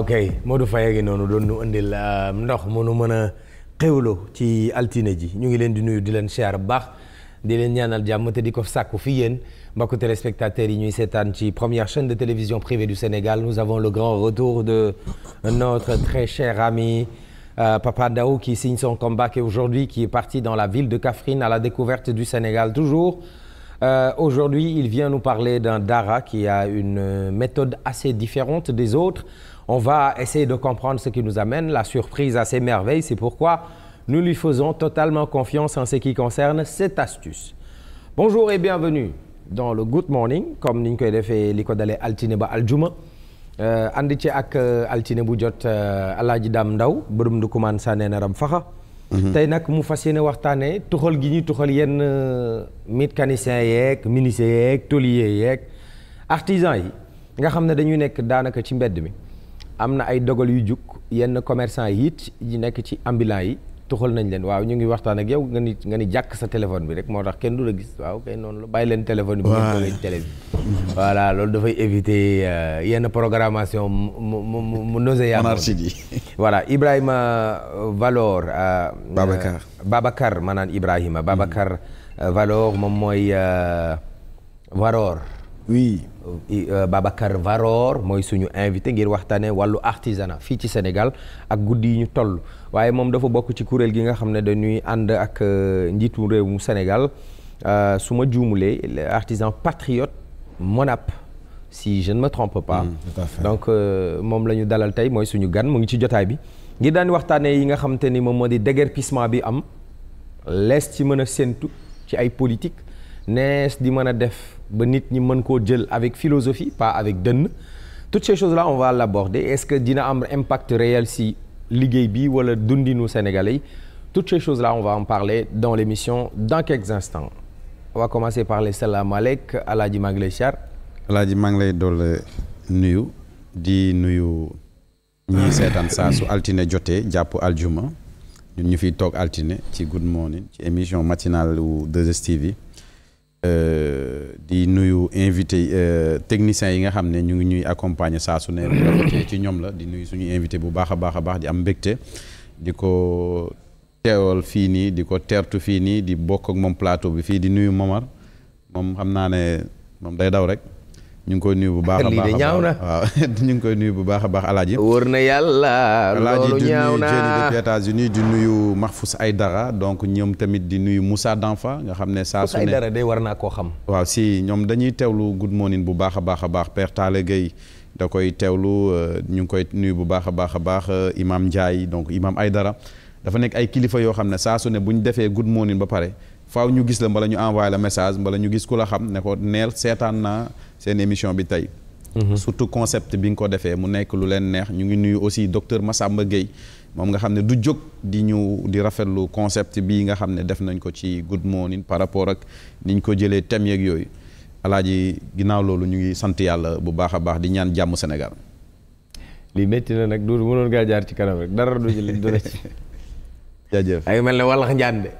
waaw kay Modou Faye ngi noonu doon nu indil euh, ndox mu nu mën a xéwloo ci altine ji ñu ngi leen di nuyu di leen siyaar bu baax di leen ñaanal jàmm di ko sàkku fi yéen mbokku téléspectateurs yi ñuy seetaan ci première chaîne de télévision privée du Sénégal nous avons le grand retour de notre très cher ami euh, Papa Ndao qui signe son comeback et aujourd'hui qui est parti dans la ville de Kaffrine à la découverte du Sénégal toujours euh, aujourd'hui il vient nous parler d'un dara qui a une méthode On va essayer de comprendre ce qui nous amène la surprise à ces merveilles. C'est pourquoi nous lui faisons totalement confiance en ce qui concerne cette astuce. Bonjour et bienvenue dans le Good Morning comme ni ñu koy defee li ko dalee altine ba aljuma euh, ànd ci ak euh, altine bu jot euh, Alaaji Daam Ndaw bërëm du kumaan sànnee na ram faxa mhm. tey nag mu fas yéene waxtaanee tuxal gi ñuy tuxal yenn mécaniciens yeeg menuisiers yeeg tôliers yeeg artisans yi nga xam ne dañuy nekk daanaka ci mbedd mi am na ay dogal yu jug yenn commerçant yi it yi nekk ci ambulant yi tuxal nañ leen waaw ñu ngi waxtaan ak yow nga ni nga ni jàkk sa téléphone bi rek moo tax kenn du la gis waaw kay noonu la bàyyi leen téléphone bi ngeen koy télé bi voilà loolu dafay éviter euh, yenn programmation mu mu mu mu nauséa voilà Ibrahima euh, Valor euh, Babacar Babacar maanaam Ibrahima Babacar Valor moom mooy Varor oui euh, Babacar Varor mooy suñu invité ngir waxtaanee wàllu artisanat fii ci Sénégal ak guddi yi ñu toll waaye moom dafa bokk ci kuréel gi nga xam ne dañuy ànd ak euh, njiitu réew mu Sénégal euh, su ma juumulee artisan patriote MONAP si je ne me trompe pas. Mm, donc moom la ñu dalal tey mooy suñu gan mu ngi ci jotaay bi. ngir daan waxtaanee yi nga xam ni moom moo di déguerpissement bi am lees ci mën a séentu ci ay politique nees di mën a def ba nit ñi mën koo jël avec philosophie pas avec dënn toutes ces choses là on va l'aborder est-ce que dina am impact réel si liggéey bi wala dundinu Sénégalais yi toutes ces choses là on va en parler dans l'émission dans quelques instants on va commencer par les salaamaaleyk alaaji maa ngi lay siyaar alaaji maa ngi lay dool nuyu di nuyu ñii seetaan saa su altine jotee jàpp aljuma ñun ñu fi toog altine ci good morning ci émission matinale u 2STV Euh, di nuyu invité euh, techniciens yi nga xam ne ñu ngi ñuy accompagner saa su ne bu rafetee ci ñoom la di nuyu suñu invité bu baax a baax a baax di am mbégte di ko tewal fii nii di ko teertu fii nii di bokk ak moom plateau bi fii di nuyu Momar moom xam naa ne moom day daw rek ñu ngi koy nuyu bu baax a baax ñaaw na waaw ñu koy nuyu bu baax a baax alaaji wër na yàlla loolu ñaaw di nuyu depuis États-Unis di nuyu donc ñoom tamit di nuyu Moussa Danfa nga xam ne saa su ne Aydara war naa koo xam waaw si ñoom dañuy teewlu good morning bu baax a baax a baax Père Talla Gueye da koy teewlu euh, ñu ngi koy nuyu bu baax a baax a baax euh, Imam Ndiaye donc Imam dara dafa nekk ay kilifa yoo xam ne saa su ne bu ñu defee good morning ba pare faaw ñu gis la mbala ñu envoyé la message mbala ñu gis ku la xam ne ko neel seetaan naa seen émission bi tey. Mhm. surtout concept bi nga ko defee mu nekk lu leen neex ñu ngi nuyu aussi docteur Massamba Gueye moom nga xam ne du jóg di ñu di rafetlu concept bii nga xam ne def nañ ko ci good morning par rapport ak ni ñu ko jëlee thèmes yeeg yooyu ji ginnaaw loolu ñu ngi sant yàlla bu baax a baax di ñaan jàmm senegal lii métti na nag du mënoon ngaa jaar ci kanam rek dara du ci du la ci. jaajëf mel ne wàllax njaan de.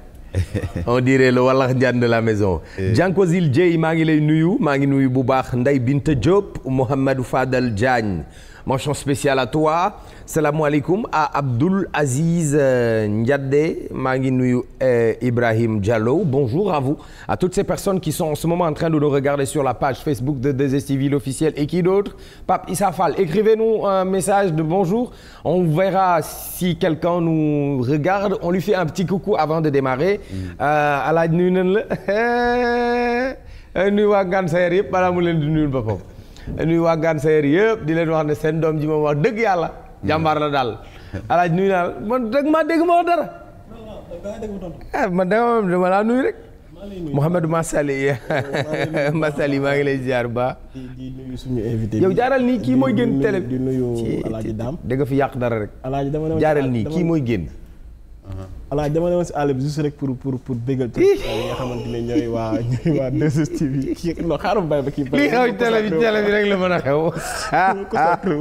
on dirait le wallax njaan la maison Jankozil Dieye maa ngi lay nuyu maa ngi nuyu bu baax Ndeye Binta Diop Mouhamadou Fadal Diagne mention spéciale à toi salaamaaleykum à Abdoul Aziz euh, Ndiadé maa ngi nuyu euh, Ibrahim Diallo bonjour à vous à toutes ces personnes qui sont en ce moment en train de nous regarder sur la page Facebook de 2STV l'officiel et qui d'autre Pape Issa Fall écrivez-nous un message de bonjour on verra si quelqu'un nous regarde on lui fait un petit coucou avant de démarrer alaaj nuyu nañ la euh, nuyu waa Ngaan Sayer yëpp balaa mu leen di nuyul boppam nuyu waa Gane Sayer yëpp di leen wax ne seen doom ji moom wax dëgg yàlla. jàmbaar la daal. alaaj nuy naa man dëgg maa dégg ma wax dara. ah man dama dama laa nuyu rek. Mouhamadou Massali Massali maa ngi lay ziar ba. di nuyu suñu invité yow jaaral nii kii mooy génn télé di nuyu Alaaji Daam da nga fi yàq dara rek. Alaaji dama jaaral nii kii mooy génn. Uh-huh. voilà dama ne woon si àll bi juste rek pour pour pour bégal. tur nga xamante ne ñooy waa ñooy waa 2STV yi kii non xaaral bàyyi ba kii. lii xew télé bi télé la mën a xew.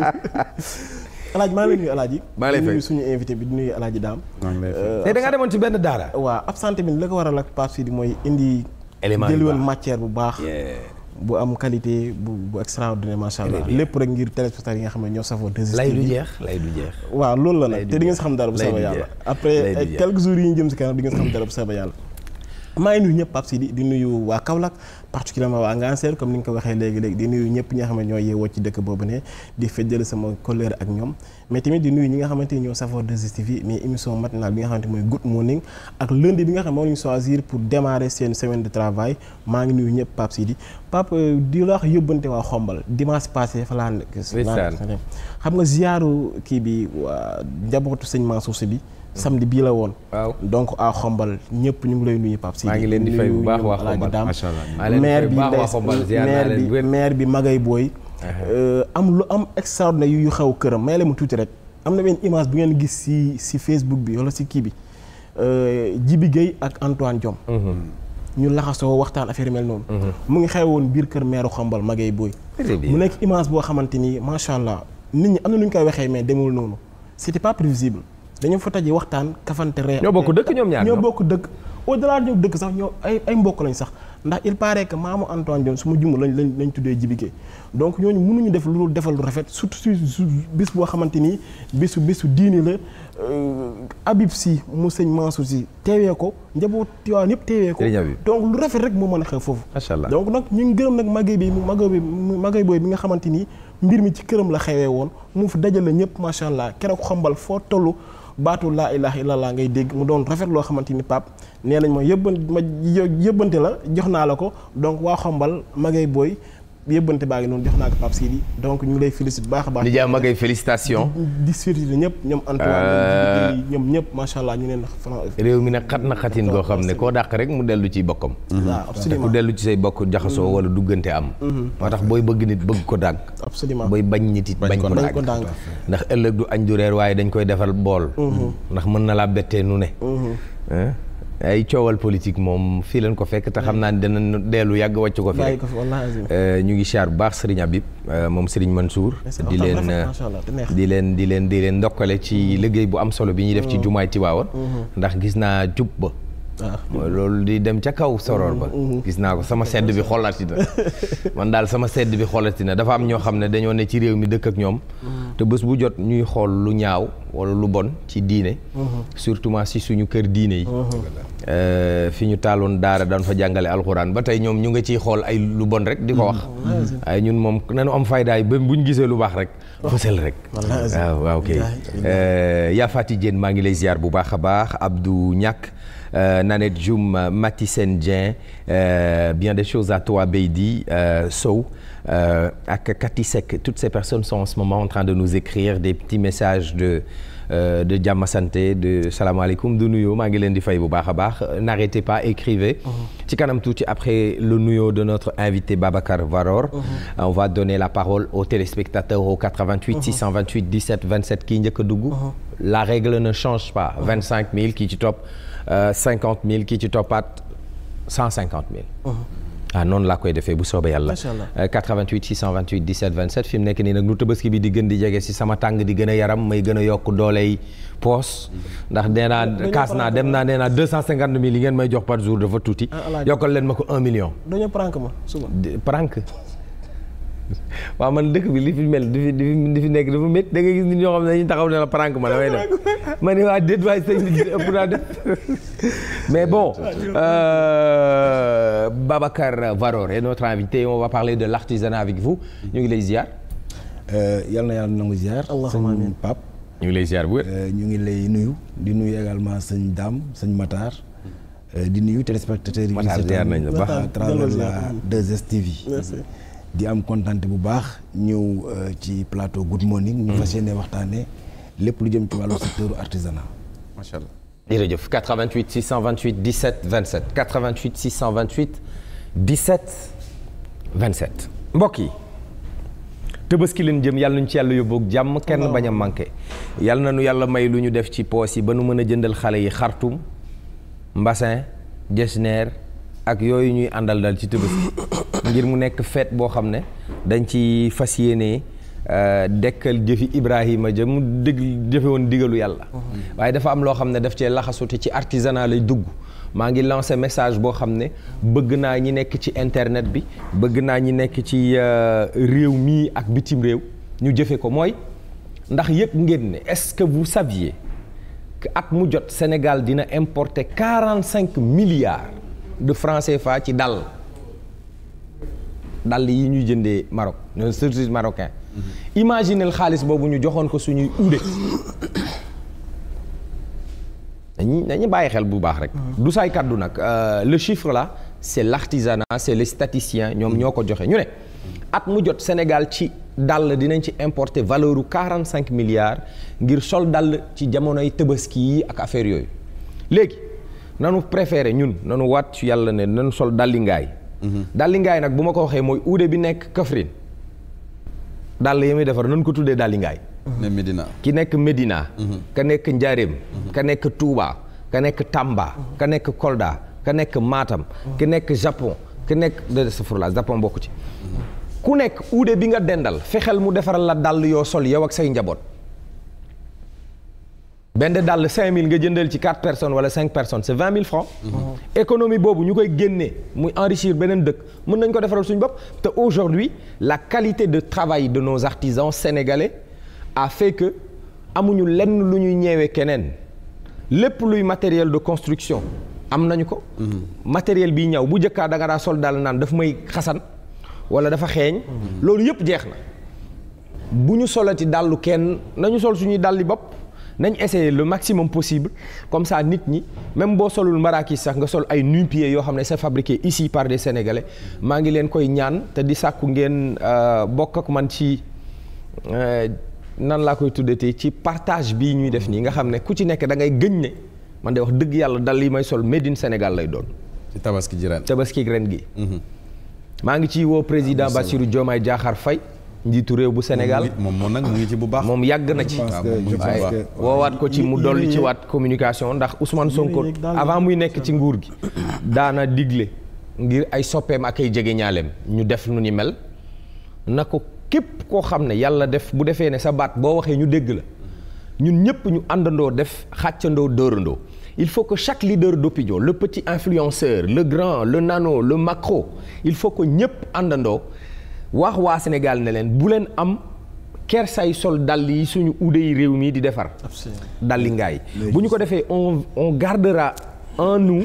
alaaji maa ngi lay nuyu maa lay suñu invité bi di nuyu alaaji daam. Euh, te da ngaa demoon ci benn daara. waaw absenté bi la ko waral ak Pape Sidi mooy indi. élément bi bu baax. bu am qualité bu bu extraordinaire macha eh allah lépp rek ngir téléspectateurs yi nga xam ne ñoo safoo. lay du jeex lay loolu la nag te di ngeen xam dara bu sama yàlla. après quelques jours yi ñu jëm si kanam di ngeen xam dara bu sama yàlla. maa ngi nuyu ñëpp Pape si di nuyu waa Kaolack particulièrement waa Nganseer comme ni nga ko waxee léegi léegi di nuyu ñëpp ñi nga xam ne ñoo yeewoo ci dëkk boobu ne di feddal sama colère ak ñoom mais tamit di nuyu ñi nga xamante ni ñoo safoo 2STV mais émission matinale bi nga xamante mooy good morning ak lundi bi nga seen semaine de travail maa ngi nuyu ñëpp Pape Sidi Pape euh, di la wax yóbbante waa xombal dimanche passé fa laa nekk xam nga ziyaaru kii bi njabootu sëñ Mansour Sy bi samedi bii la woon. waaw donc à Xombal ñëpp ñu ngi lay nuyu Pape Sidi. maa ngi leen di fay bu baax waa Xombal macha allah maire bi maire bi maire bi Magay Boy. Euh, am lu am extraordinaire yu xew këram may la mu tuuti rek. am na benn image bu ngeen gis si si Facebook bi wala si kii bi euh, Jibi Gueye ak Antoine Diome. Mhm. ñu laxasoo waxtaan affaire mel noonu. Mhm. mu ngi xewoon biir kër maire Xombal Magay Boy. mu nekk image boo xamante ni macha allah nit ñi am na nu ñu koy waxee mais demul noonu c'était pas prévisible. dañoo fa taji waxtaan kafante ree ñoo bokk dëkk ñoom ñaar ñoo bokk dëkk au delà ñoo dëkk sax ñoo mbokk lañ sax ndax il paraît que maamu Antoine Diome su ma lañ lañ lañ tuddee jibigee donc ñooñu mënuñu def lu defal lu rafet surtout su bis boo xamante nii bisu bisu diini la euh, Habib si mu sëñ Mansour si teewee ko njaboot Tiwaawan yëpp teewee ko donc lu rafet rek moo mën a xew foofu macha allah donc nag ñu ngi gërëm nag magay bi magay bi magay booy bi xamante nii mbir mi ci këram la xewee woon mu fi dajale ñëpp macha allah keroog xambal foo toll baatu laa ilaha illallah ngay dégg mu doon rafet loo xamante ni pap nee nañ ma yëbban ma yëbbante la jox naa la ko donc waa xombal mag ay booy yëbbante baa ngi noonu jox naa ko Pape Sidi donc ñu ngi lay félicite baax a baax. di jaam magay félicitation. di félicité ñëpp ñoom Antoine. Euh, ñoom ñëpp macha allah ñu neen réew mi nag xat na xatin goo xam ne koo dàq rek mu dellu ci bokkam. Mm-hmm. waaw absolument ku dellu ci say bokk jaxasoo mm-hmm. wala duggante am. Mm-hmm. moo tax booy bëgg nit bëgg ko dànk. absolument booy bañ nit it bañ ko dànk ndax ëllëg du añ du reer waaye dañ koy defal bool. ndax mën na laa bettee nu ne. ay coowal politique moom fii leen ko fekk te xam naa ne dana dellu yàgg wàcc ko fi rek euh, ñu ngi siyaar bu baax Serigne Habib euh, moom Serigne Mansour di leen di leen di leen di leen ndokkale ci mm-hmm. liggéey bu am solo bi ñuy def ci mm-hmm. jumaay Tiwaawan mm-hmm. ndax gis naa jub ba mooy loolu di dem ca kaw soroor ba mm-hmm. gis naa ko sama sedd bi xolati na man daal sama sedd bi xolati na dafa am ñoo xam ne dañoo ne ci réew mi dëkk ak ñoom mm-hmm. te bés bu jot ñuy xool lu ñaaw wala lu bon ci diine mm-hmm. surtout si suñu kër diine yi euh, fi ñu taaloon daara daan fa jàngale alxuraan ba tey ñoom ñu nga ciy xool ay lu bon rek di ko wax ay ñun moom nanu am faydaay bu buñ gisee lu baax rek fësal rek waaw waaw kay euh, yaa Faty Diène maa ngi lay ziar bu baax a baax Abdou Ñàkk Euh, Nanette Dioum euh, Matisen Dieng euh, bien des choses à toi Beydi Sow ak Cathy Seck toutes ces personnes sont en ce moment en train de nous écrire des petits messages de Euh, de nuyoo maa ngi leen di fay bu baax baax n'arrêtez pas écrivez uh-huh. ci kanam tuuti après le de notre invité Babacar Varor mm on va donner la parole aux téléspectateurs au 88 mm -hmm. 628 17 27 kii njëkk a dugg uh-huh. la règle ne change pas mm -hmm. 25 kii ci topp Euh, cinquante mille kii ci toppaat cent cinquante mille. Uh-huh. ah noonu laa koy defee bu soobee yàlla. macha allah 88 628 17 27 fi mu nekk nii nag lu tabaski bi di gën di jege si sama tàng di gën a yaram may gën a yokk dooley poos. ndax nee kaas naa dem naa nee yi ngeen may jox par jour dafa tuuti. Ah, yokkal leen ma ko 1 million. dañoo prank ma suba. prank. waaw man dëkk bi li fi mel di fi di fi nekk dafa métti da ngay gis nit ñoo xam ne dañuy taxaw ne la prank ma damay def ma ne waa déet waay sëñ bi ëpp naa def mais bon euh, Babacar Varor est notre invité parler de l'artisanat avec vous ñu ngi lay ziar. Euh, yal na yàlla nangu ziar. allahumma amiin pap ñu ngi lay ziar bu euh, ñu ngi lay nuyu di nuyu également sëñ daam sëñ Matar. Euh, di nuyu téléspectateurs yi. Matar ziar nañ la baax à travers la 2STV. di am kontaan bu baax ñëw euh, ci plateau Good Morning. ñu hmm. fas yéene waxtaanee lépp lu jëm ci wàllu secteur artisanat. macha allah jërëjëf 88 628 17 27 88 628 17 27. mbokk yi Tabaski leen jëm yàlla nañu ci yàlla yóbbu ak jàmm kenn bañ a manqué. yàlla na ñu yàlla may lu ñu def ci poos yi ba nu mën a jëndal xale yi xartum mbasin jesner ak yooyu ñuy àndal daal ci Tabaski ngir mu nekk fête boo xam ne dañ ci fas yéenee euh, dekkal jëfi Ibrahima ja mu dëgg jëfe woon digalu yàlla waaye dafa am loo xam ne daf cee laxasute ci artisanat lay dugg maa ngi lancé message boo xam ne bëgg naa ñi nekk ci internet bi bëgg naa ñi nekk ci euh, réew mii ak bitim réew ñu jëfe ko mooy ndax yëpp ngeen ne est-ce que vous saviez que at mu jot Sénégal dina importer quarante cinq milliards de franc CFA ci dàll dàll yi ñuy jëndee Maroc ñoom service marocain imaginel xaalis boobu ñu joxoon ko suñuy uude dañu bàyyi xel bu baax rek mm-hmm. du say kàddu nag euh, le chiffre là c'est l'artisanat c'est les ñoom ñoo ko joxe ñu ne at mu jot Sénégal ci dàll dinañ ci importer valeur u quarante cinq milliards ngir sol dàll ci jamonoy tëbaski yi ak affaire yooyu léegi nanu préféré ñun nanu waat ci yàlla ne nanu sol dàllingaay mhm. dàllingaay nag bu ma ko waxee mooy uude bi nekk Kaffrine dàll yi muy defar nanu ko tuddee dàllingaay ne Medina ki nekk Medina mhm. ka nekk Njaareem mhm. ka nekk tuuba ka nekk tàmba ka nekk Kolda ka nekk maatam ki nekk Japon ki nekk de safurla Japon bokk ci ku nekk uude bi nga dendal fexeel mu defaral la dàll yoo sol yow ak say njaboot benn dàll 5000 nga jëndal ci 4 personnes wala 5 personnes c'est 20 000 mhm. boobu ñu koy génne muy enrichir beneen dëkk mën nañ ko defaral suñu bopp te aujourd'hui la qualité de travail de nos artisans sénégalais a fait que amuñu lenn lu ñuy ñeewee keneen lépp luy matériel de construction am nañu ko. Mhm. matériel bi ñaw bu njëkkaa da daa sol daal naan dafa may xasan wala dafa xeeñ. Mhm. loolu yëpp jeex na bu ñu solati dàllu kenn nañu sol suñuy dàlli bopp. nañ essayer le maximum possible comme ça nit ñi même boo solul maraakis sax nga sol ay nu yoo xam ne sa fabriqué ici par des maa ngi leen koy ñaan te di sàkku ngeen euh, bokk ak man ci euh, nan laa koy tuddati ci partage bii ñuy def nii nga xam ne ku ci nekk dangay ngay gëñ ne man de wax dëgg yàlla dal yi may sol made in Sénégal lay doon. ci tabaski ji ren tabaski mm-hmm. maa ngi ciy woo président Bassirou Diomaye Diakhar Faye. njiitu réew bu senegal moom moom nag bu baax moom yàgg na ci waaye woowaat ko ci mu dolli ci waat communication ndax Ousmane Sonko avant muy nekk ci nguur gi daana digle ngir ay soppeem ak ay jege ñaaleem ñu def nu ni mel na ko képp koo xam ne yàlla def bu defee ne sa baat boo waxee ñu dégg la ñun ñëpp ñu àndandoo def xàccandoo dóorandoo il faut que chaque leader d'opinion le petit influenceur le grand le nano le macro il faut que ñëpp àndandoo wax waa Sénégal ne leen bu leen am kersay sol dàll yi suñu uude réew mii di defar dalli ngaay bu ñu ko defee on on gardera en nous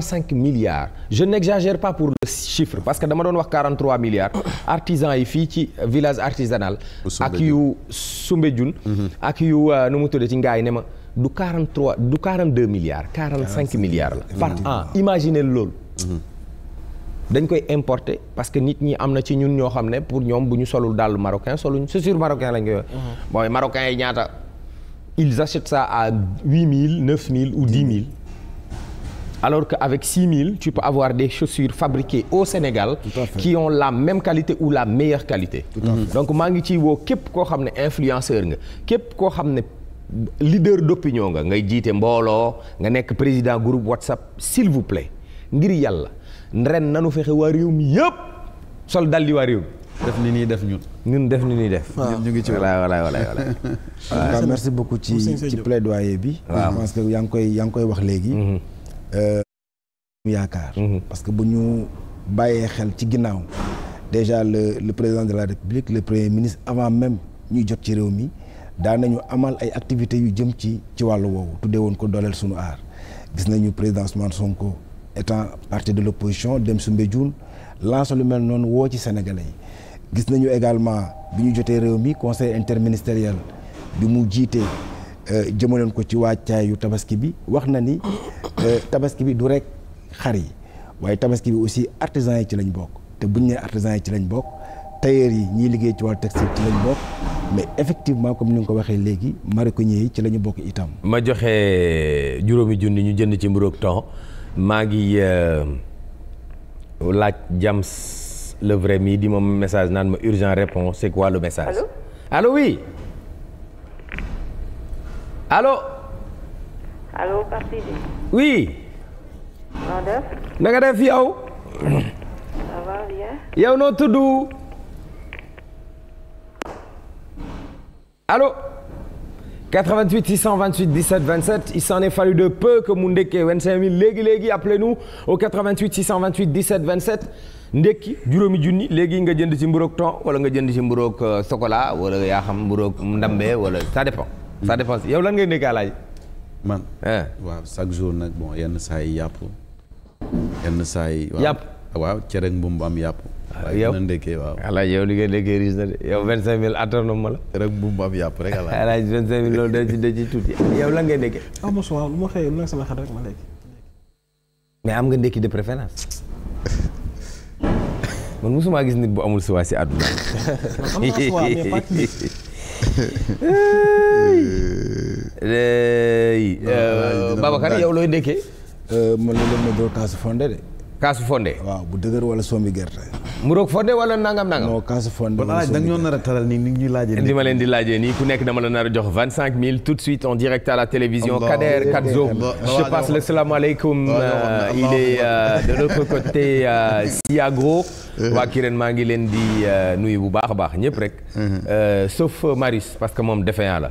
cinq milliards je n'exagère pas pour le chiffre parce que dama doon wax quarante trois milliards artisans yi fii ci village artisanal ak yu Soumbédioune mm-hmm. ak yu euh, nu mu tuddee ci ngaay ne ma du quarante trois du quarante deux milliards quarante cinq milliards la par mm-hmm. an ah, imaginez loolu mm-hmm. dañ koy importer parce que nit ñi am na ci ñun ñoo xam ne pour ñoom bu ñu solul dàllu marocain soluñ chaussure marocain lañ koy wax. Mhm. mooy marocain yi ñaata ils achètent ça à huit mille neuf mille ou dix mille. alors que avec six mille tu peux avoir des chaussures fabriquées au Sénégal. qui ont la même qualité ou la meilleure qualité. donc maa ngi ciy woo képp koo xam ne influenceur nga képp koo xam ne. leader d'opinion nga ngay jiite mbooloo nga nekk président groupe WhatsApp s'il vous ngir yàlla ren nanu fexe waa réew mi yëpp sol dal di waa réew mi def nii def ñun. ñun def ni nii def. waaw ñu ngi ci wala wala wala wala. merci beaucoup ci ci plaidoyer bi. waaw parce que yaa ngi koy yaa ngi koy wax léegi. Mm-hmm. Euh, yaakaar. Mm-hmm. parce que bu ñu bàyyee xel ci ginnaaw. déjà le le président de la république le premier ministre avant même ñuy jot ci réew mi daan nañu amal ay activités yu jëm ci ci wàll woowu tuddee woon ko dooleel sunu aar gis nañu président Ousmane Sonko. étant parti de l'opposition dem Soumbédioune lancé lu mel noonu woo ci sénégalais yi gis nañu également bi ñu jotee réew mi conseil interministériel bi mu jiitee euh, jëmaloon ko ci waajtaayu tabaski bi wax na ni euh, tabaski bi du rek xar yi waaye tabaski bi aussi artisans yi ci lañ bokk te buñ nee artisans yi ci lañ bokk tailleurs yi ñiy liggéey ci wàllu textile ci lañ bokk mais effectivement comme ni nga ko waxee léegi maroquiniers yi ci la ñu bokk itam. ma joxe juróomi junni ñu jënd ci mburoog temps maa ngi euh, laaj Jams le vrai mi di ma message naan ma urgent réponse c'est quoi le message. alo wi alo wi allo Pape Sidi. oui. noo def. na nga def tudd. allo. 88 628 17 27 il s'en est fallu de peu que mu ndekkee léegi léegi appelez-nous au 88 628 17 27 ndekki juróomi junni léegi nga jënd ci mburoog thon wala nga jënd ci mburoog euh, chocolat wala yaa xam mburoog ndambe wala ça dépend. ça hmm. dépend yow lan ngay ndekkee alaaji. man eh. waaw chaque jour nag bon yenn saa yi yàpp yenn yi. yàpp waaw cere ak mbumbu am yàpp. waaw yow ndekkee waaw alaaj yow li nga ndekkee riis na de yow hmm. vingt cinq mille attanoo ma la rek bu mu am yàpp rek alaaj vingt la ngay ndekkee ah mosu waaw lu ma xëyee lu mais am nga ndekki de préférence man mosumaa gis nit bu amul suwaa si àdduna euh, Babacar yow looy ndekkee euh, man la leen ma doo kaas fonde de kaasu fonde waaw bu dëgër wala sombi gerte muroog fonde wala nangam nangam non kaasu fonde bon alaaj ah, danga ñoo nar nii ni ngi ñuy laajee li ma leen di laaje nii ku nekk dama la nar a jox vingt cinq mille tout de suite en direct à la télévision Kader Katzo je passe le salam aleykum euh, euh, de l'autre côté euh, Siagro maa ngi leen di nuyu bu baax a baax ñëpp rek sauf Marius parce que moom défaillant la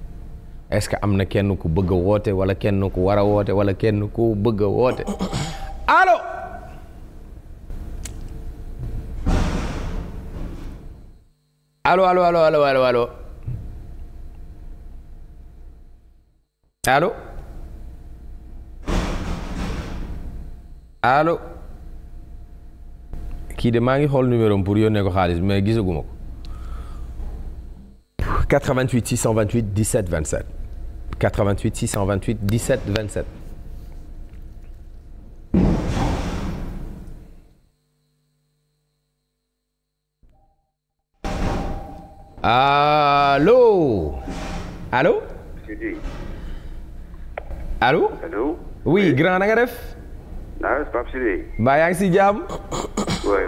est-ce que am na kenn ku bëgg woote wala kenn ku war woote wala kenn ku bëgg a woote allo allo allo allo allo allo allo allo allo kii de maa ngi xool numéro am pour yónnee ko xaalis mais gisaguma ko 88 628 17 27 88 628 17 27. Allô Allô allo allo oui grand na nga def naa Pape Sidi yaa ngi si jàmm oui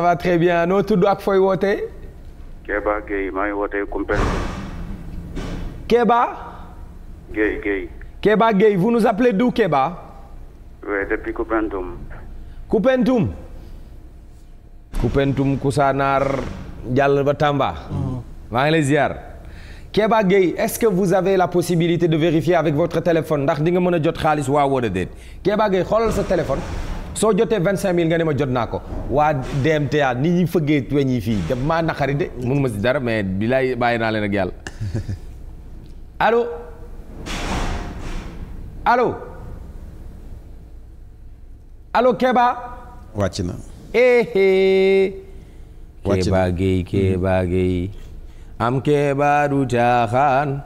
va très bien noo tudd ak fooy wootee Kéba maa ngi wootee Koumpentoum Kéba Gueye Gueye. Kéba Gueye vous nous appelez d'où Kéba. oui depuis Koupentoum. Koupentoum. Koupentoum Koussanar jàll ba Tamba. Mm-hmm. maa ngi lay ziar. Kéba Gueye est-ce que vous avez la possibilité de vérifier avec votre téléphone ndax di nga mën a jot xaalis waa wala déet Kéba Gueye xoolal sa téléphone. soo jotee vingt cinq mille nga ne ma jot naa ko waa DMTA ni ñuy fëggee weñ fii daf maa naqari de mënu si dara mais bilaay bàyyi naa leen ak yàlla alo allô alo Kéba. wàcc na. Eh, eh. wàcc na Kéba am Kéba du caaxaan.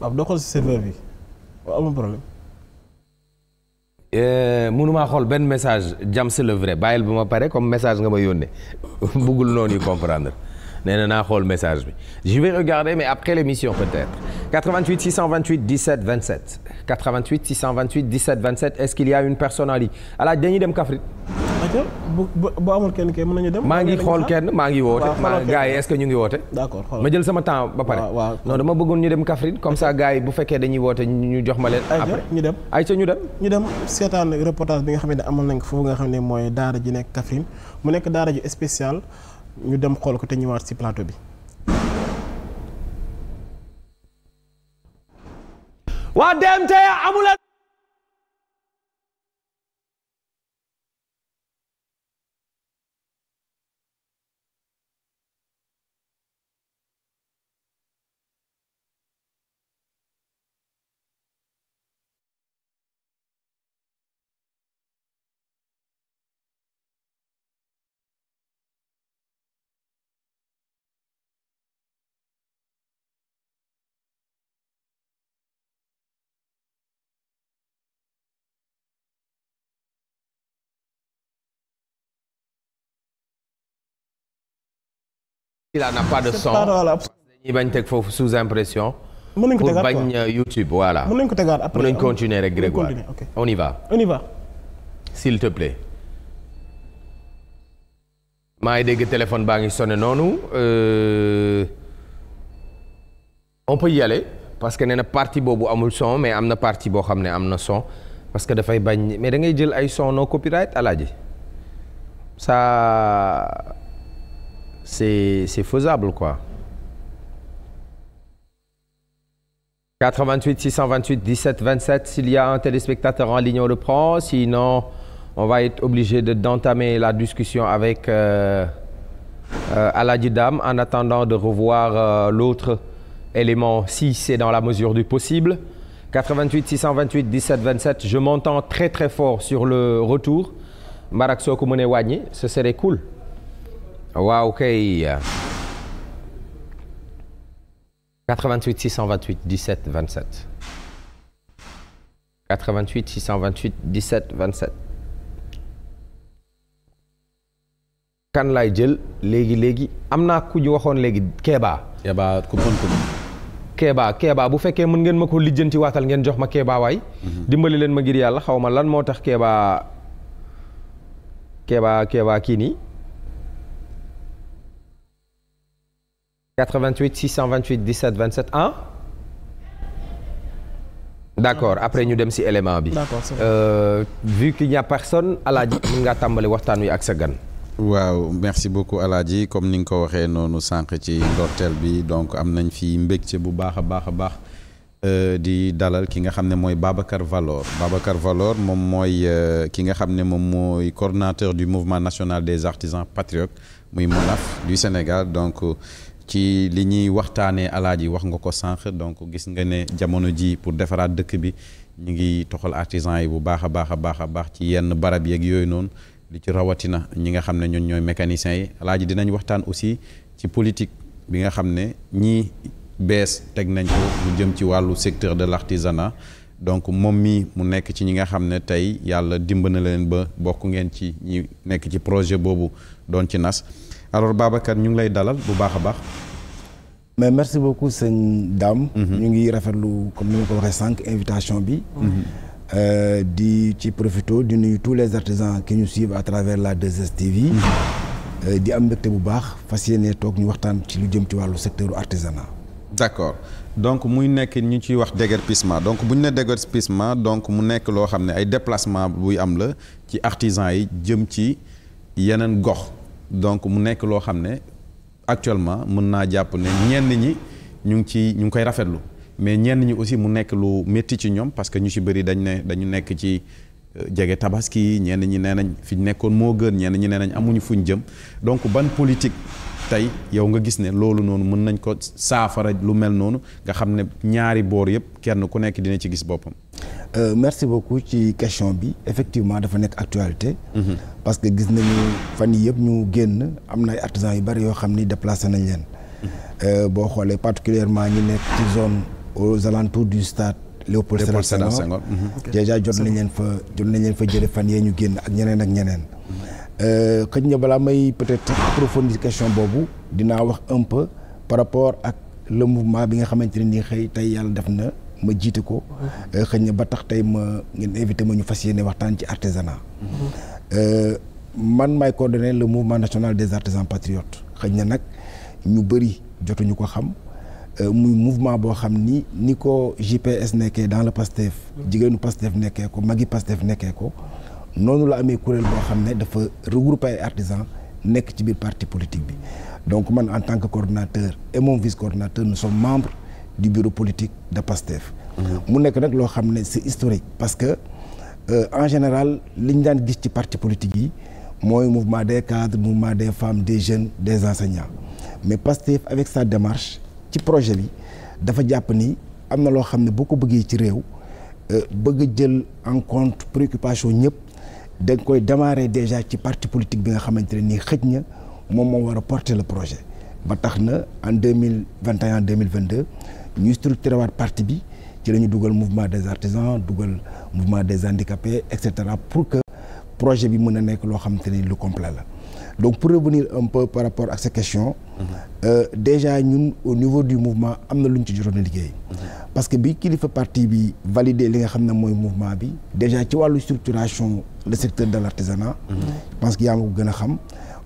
waaw doo xool si serveur bi waaw amul eh, benn message jam c'est le vrai bàyyil ba ma pare comme message nga ma yónnee buggul noonu comprendre. nee na naa xool message bi je vais regarder mais après l'émission peut-être 88 628 17 27 88 628 17 27 est-ce qu'il y a une personne en ligne alaaj dañuy dem Kaffrine. bu amul kenn kay mën nañu dem. maa ngi xool kenn maa ngi woote. maa gars yi est-ce que ñu ngi woote. d'accord ma jël sama temps ba pare. non dama bëggoon ñu dem Kaffrine comme ça gars bu fekkee dañuy woote ñu jox ma leen. après ñu dem ayca ñu ñu dem bi nga xam ne amoon nañ ko xam ne mooy daara ji nekk Kaffrine mu nekk daara ju spécial. ñu dem xool ko te ñëwaat ci plateau bi. waa DMT amu leen là n'a pas bañ teg foofu sous impression. mën nañ ko tegaat pour bañ euh, YouTube voilà. mën nañ ko tegaat après mën nañ continuer rek Grégoire on y va. on te plaît. maa ngi dégg téléphone baa ngi sonne noonu euh, on peut y parce que nee na partie boobu amul son mais am na partie boo xam ne am na son parce que dafay bañ mais da ngay jël ay son non copyright alaaji ça. c'est faisable quoi 88 628 17 27 s'il y a un téléspectateur en ligne on le prend sinon on va être obligé de la discussion avec euh, euh Dam en attendant de revoir euh, l'autre élément si c'est dans la mesure du possible 88 628 17 27 je m'entends très très fort sur le retour Marak soo ko mënee wàññi ce waaw kay 88 628 vingt 27 88 628 17 27 kan laay jël léegi léegi am naa ku ñu waxoon léegi Kéba. Kéba ku mën ko. Kéba Kéba bu fekkee mën ngeen ma ko lijjanti waatal ngeen jox ma Kéba waay. Mhm. dimbali leen ma ngir yàlla xaw ma lan moo tax Kéba Kéba Kéba kii nii. 88 628 17 27 1. d'accord ah, après ñu dem ci élément bi. d'accord euh, vu qu'il n'y a personne Alaaji mën nga tàmbali waxtaan wi ak sa gan. waaw merci beaucoup Alaaji comme ni nga ko waxee noonu sànq ci ndorteel bi donc am nañ fi mbégte bu baax a baax a baax euh, di dalal ki nga xam ne mooy Babacar Valor Babacar Valor moom mooy euh, ki nga xam ne moom mooy coordonnateur du mouvement national des artisans patriotes muy MONAF du Sénégal donc. ci li ñuy waxtaanee alaaji wax nga ko sànq donc gis nga ne jamono ji pour defaraat dëkk bi ñu ngi toxal artisan yi bu baax a baax a baax a baax ci yenn barab yeeg yooyu noonu li ci rawatina ñi nga xam ne ñun ñooy mécaniciens yi alaaji dinañ waxtaan aussi ci politique bi nga xam ne ñii bees teg nañ ko lu jëm ci wàllu secteur de na donc moom mii mu nekk ci ñi nga xam ne tey yàlla dimba na leen ba bokk ngeen ci ñi nekk ci projet boobu doon ci nas alors Babacar ñu ngi lay dalal bu baax a baax. mais merci beaucoup sëñ daam mhm. ñu ngi rafetlu comme ni ma ko waxee sànq invitation bi. Mhm. Euh, di ci profito di nuyu tous les artisans ki nous suivent à travers la 2 mhm. euh, di am mbégte bu baax fas yéene toog ñu waxtaan ci lu jëm ci wàllu secteur artisana d'accord donc muy nekk ñu ciy wax déguerpissement donc bu ñu ne déguerpissement donc mu nekk loo xam ne ay déplacement buy am la ci artisans yi jëm ci yeneen gox. donc mu nekk loo xam ne actuellement mën naa jàpp ne ñenn ñi ñu ngi ci ñu ngi koy rafetlu mais ñenn ñi aussi mu nekk lu métti ci ñoom parce que ñu ci bëri dañ ne dañu nekk ci euh, jege tabaski ñenn ñi nee nañ fi ñu nekkoon moo gën ñenn ñi nee nañ amuñu ñu jëm donc ban politique tey yow nga gis ne loolu noonu mën nañ ko saafara lu mel noonu nga xam ne ñaari boor yëpp kenn ku nekk dina ci gis boppam. Euh, merci beaucoup ci question bi effectivement dafa nekk actualité. Mhm. parce que gis nañu fan yii yëpp ñu génn am na ay artisans yu bari yoo xam ni déplacé nañ leen. Mhm. Euh, boo xoolee particulièrement ñi nekk ci zone aux alentours du stade. Léopold Sédar Senghor mhm. déjà jot nañ leen fa jot nañ leen fa jële fan yee ñu génn ak ñeneen ak ñeneen. Euh, xëj na balaa may peut-être approfondir question boobu dinaa wax un par rapport ak le mouvement bi nga xamante ne nii xëy tey yàlla def na ma jiite ko. Euh, xëñ na ba tax tey ma ngeen invité ma ñu fas yéene waxtaan ci artisanat. Euh, man maay coordonné le mouvement national des artisans patriotes xëj na nag ñu bëri jotuñu ko xam. muy mouvement boo xam ni ni ko JPS nekkee dans le PASTEF. jigéenu PASTEF nekkee ko magi PASTEF nekkee ko. noonu la amee kuréel boo xam ne dafa regrouper ay artisans nekk ci biir parti politique bi donc man en tant que coordinateur et mon vice coordinateur nous sommes membres du bureau politique de PASTEF. Mhm. mu nekk nag loo xam ne c'est historique parce que euh, en général li ñu daan gis ci parti politique yi mooy mouvement des cadres mouvement des femmes des jeunes des enseignants mais PASTEF avec sa démarche ci projet bi dafa jàpp ni am na loo xam ne boo ko bëggee ci réew euh, bëgg jël en compte préoccupation ñëpp. da koy démarrer déjà ci parti politique bi nga xamante ne nii xëj na moom moo war a porter le projet ba tax na en deux mille vingt et deux mille vingt deux ñu structuré waat parti bi ci la dugal mouvement des artisans dugal mouvement des handicapés et cetera pour que projet bi mun a nekk loo xamante ni lu complet la. donc pour revenir un peu par rapport ak sa question mhm. euh, déjà ñun au niveau du mouvement am na lu ñu ci jotoon a liggéey mhm. parce que bi kilifa parti bi validé li nga xam ne mooy mouvement bi déjà ci wàllu structuration le secteur de l'artisanat mhm. je pense que yaa ma gën a xam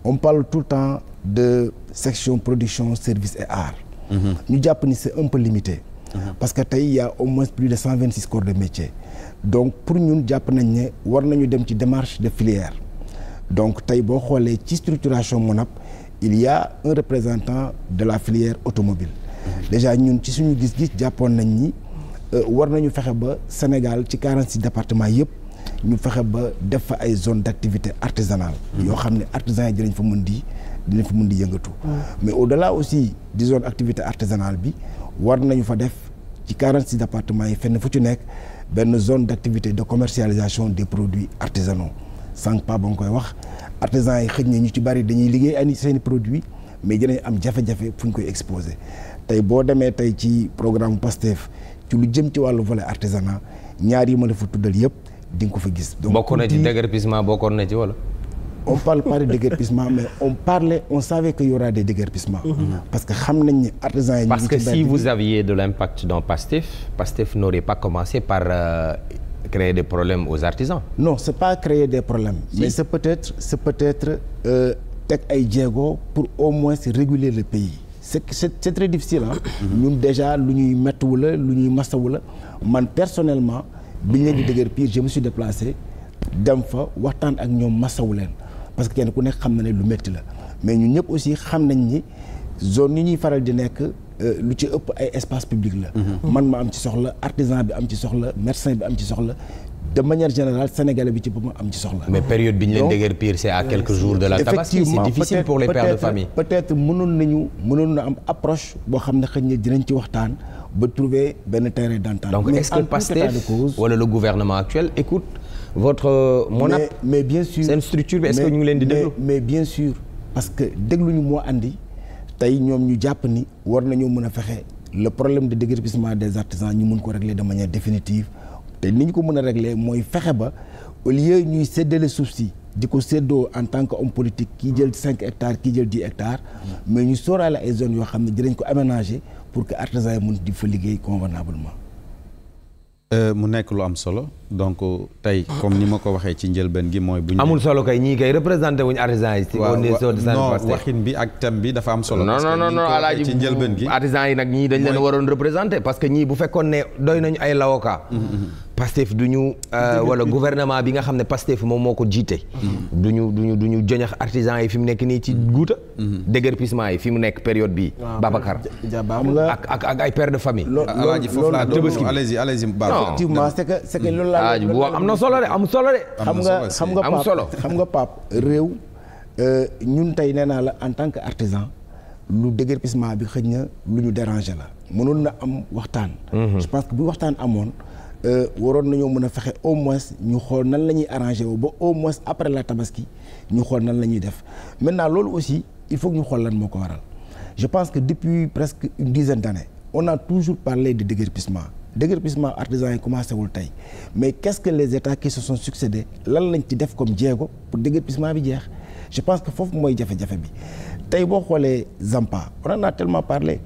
on parle tout le temps de section production service et art ñu jàpp ni c'est un peu limité parce que tey y au moins plus de cent vingt six corps de métier donc pour ñun jàpp nañ ne war nañu dem ci démarche de filière donc tey boo xoolee ci structuration nag il y un représentant de la filière automobile déjà ñun ci suñu gis-gis jàppoon nañ ni euh, war nañu fexe ba Sénégal ci si départements yëpp ñu fexe ba def fa ay zone d' activité artisanale yoo xam ne artisans yi dinañ fa mën di dinañ fa mën di yëngatu mais au delà aussi di zone activité artisanale bi war nañu fa def ci 46 départements yi fenn fu ci nekk benn zone d' activité de commercialisation des produit artisanaux sànq pa ba koy wax artisans yi xëj na ñu ci bari dañuy liggéey ani seen i produits mais dinañ am jafe-jafe fu ñu koy exposé tey boo demee tey ci programme PASTEF ci lu jëm ci wàllu volet artisanat ñaar yi ma la fa tuddal yëpp di ko fa gis. donc bokkoon na ci déguerpissement bokkoon na ci wala. on parle pas de déguerpissement mais on parlait on savait que y aura des déguerpissements. Mhm. parce que xam nañ ne artisans yi. ñu parce que si vous aviez de pas commencé par. Euh, créer des problèmes aux artisans. non c'est pas créer des problèmes. Si. mais c'est peut-être c'est peut-être euh, teg ay jéego pour au moins réguler le pays. c'est c'est, c'est très difficile ñun déjà lu ñuy mettiwu la lu ñuy masawu la man personnellement. biñ leen di dëgër pire je me suis déplacé dem fa waxtaan ak ñoom wu leen parce que kenn ku nekk xam na ne lu métti la mais ñun ñëpp aussi xam nañ ni zone yi ñuy faral di nekk. Euh, lu ci ëpp ay espace public la mhm. man ma am ci soxla artisan bi am ci soxla mercin bi am ci soxla de manière générale sénégalais bi ci boppam am ci soxla. mais période bi ñu leen déguerpir c'est à euh, quelques jours de la tabaski c'est difficile pour les pères de famille. mënoon nañu mënoon na am approche boo xam ne xëy na dinañ ci waxtaan ba trouver benn terrain d'entente. donc est-ce que Pastef wala le gouvernement actuel écoute votre euh, monap. mais mais bien sûr seen structure ngi leen di déglu. mais bien sûr parce que dégluñu moo andi. tey ñoom ñu jàpp ni war nañoo mën a fexe le problème de déguerpissement des artisans ñu mën ko régler de manière définitive te ni ñu ko mën a régler mooy fexe ba au lieu ñuy séddale suuf si di ko séddoo en tant que homme politique kii jël cinq hectares kii jël dix hectare mais ñu sóoraale ay zones yoo xam ne dinañ ko aménager pour que artisans yi mën di fa liggéey convenablement euh, mu nekk lu am solo donc tey comme ni ma ko waxee ci njëlbeen gi mooy. bu ñu amul solo kay ñii kay représenté wuñ artisans yi. bi ak thème bi nag ñii dañ leen waroon représenté parce que ñii bu fekkoon ne doy nañu ay lawoka. Mm-hmm, mm-hmm. pastef du ñu euh, wala bi nga xam ne pastef moom moo ko jiite. Mm-hmm. du ñu du ñu du ñu joñax yi fi mu nekk nii ci guuta. déguerpissement yi fi mu nekk période bi Babacar ak ak ak ay pères de famille. loo loo loo laa doon allez-y allez-y Ba. effectivement c'est que c'est que ah bu wax am na solo de am solo de. xam nga xam nga Pape xam nga Pape réew. Euh, ñun tey nee naa la en tant que artisan lu déguerpissement bi xëj na lu ñu déranger la mënoon na am waxtaan. Mhm. je pense que bu waxtaan amoon. Euh, waroon nañoo mën a fexe au moins ñu xool nan la ñuy arrangé wu ba au moins après la tabaski ñu xool nan la ñuy def maintenant loolu aussi il faut ñu xool lan moo ko waral je pense que depuis presque une dizaine d'années on a toujours parlé de déguerpissement déguerpissement artisan yi commencé wul tey mais qu'est-ce que les états qui se sont succédé lan lañ ci def comme jéego pour déguerpissement bi jeex je pense que foofu mooy jafe-jafe bi tey boo xoolee Zampa on en a tellement parlé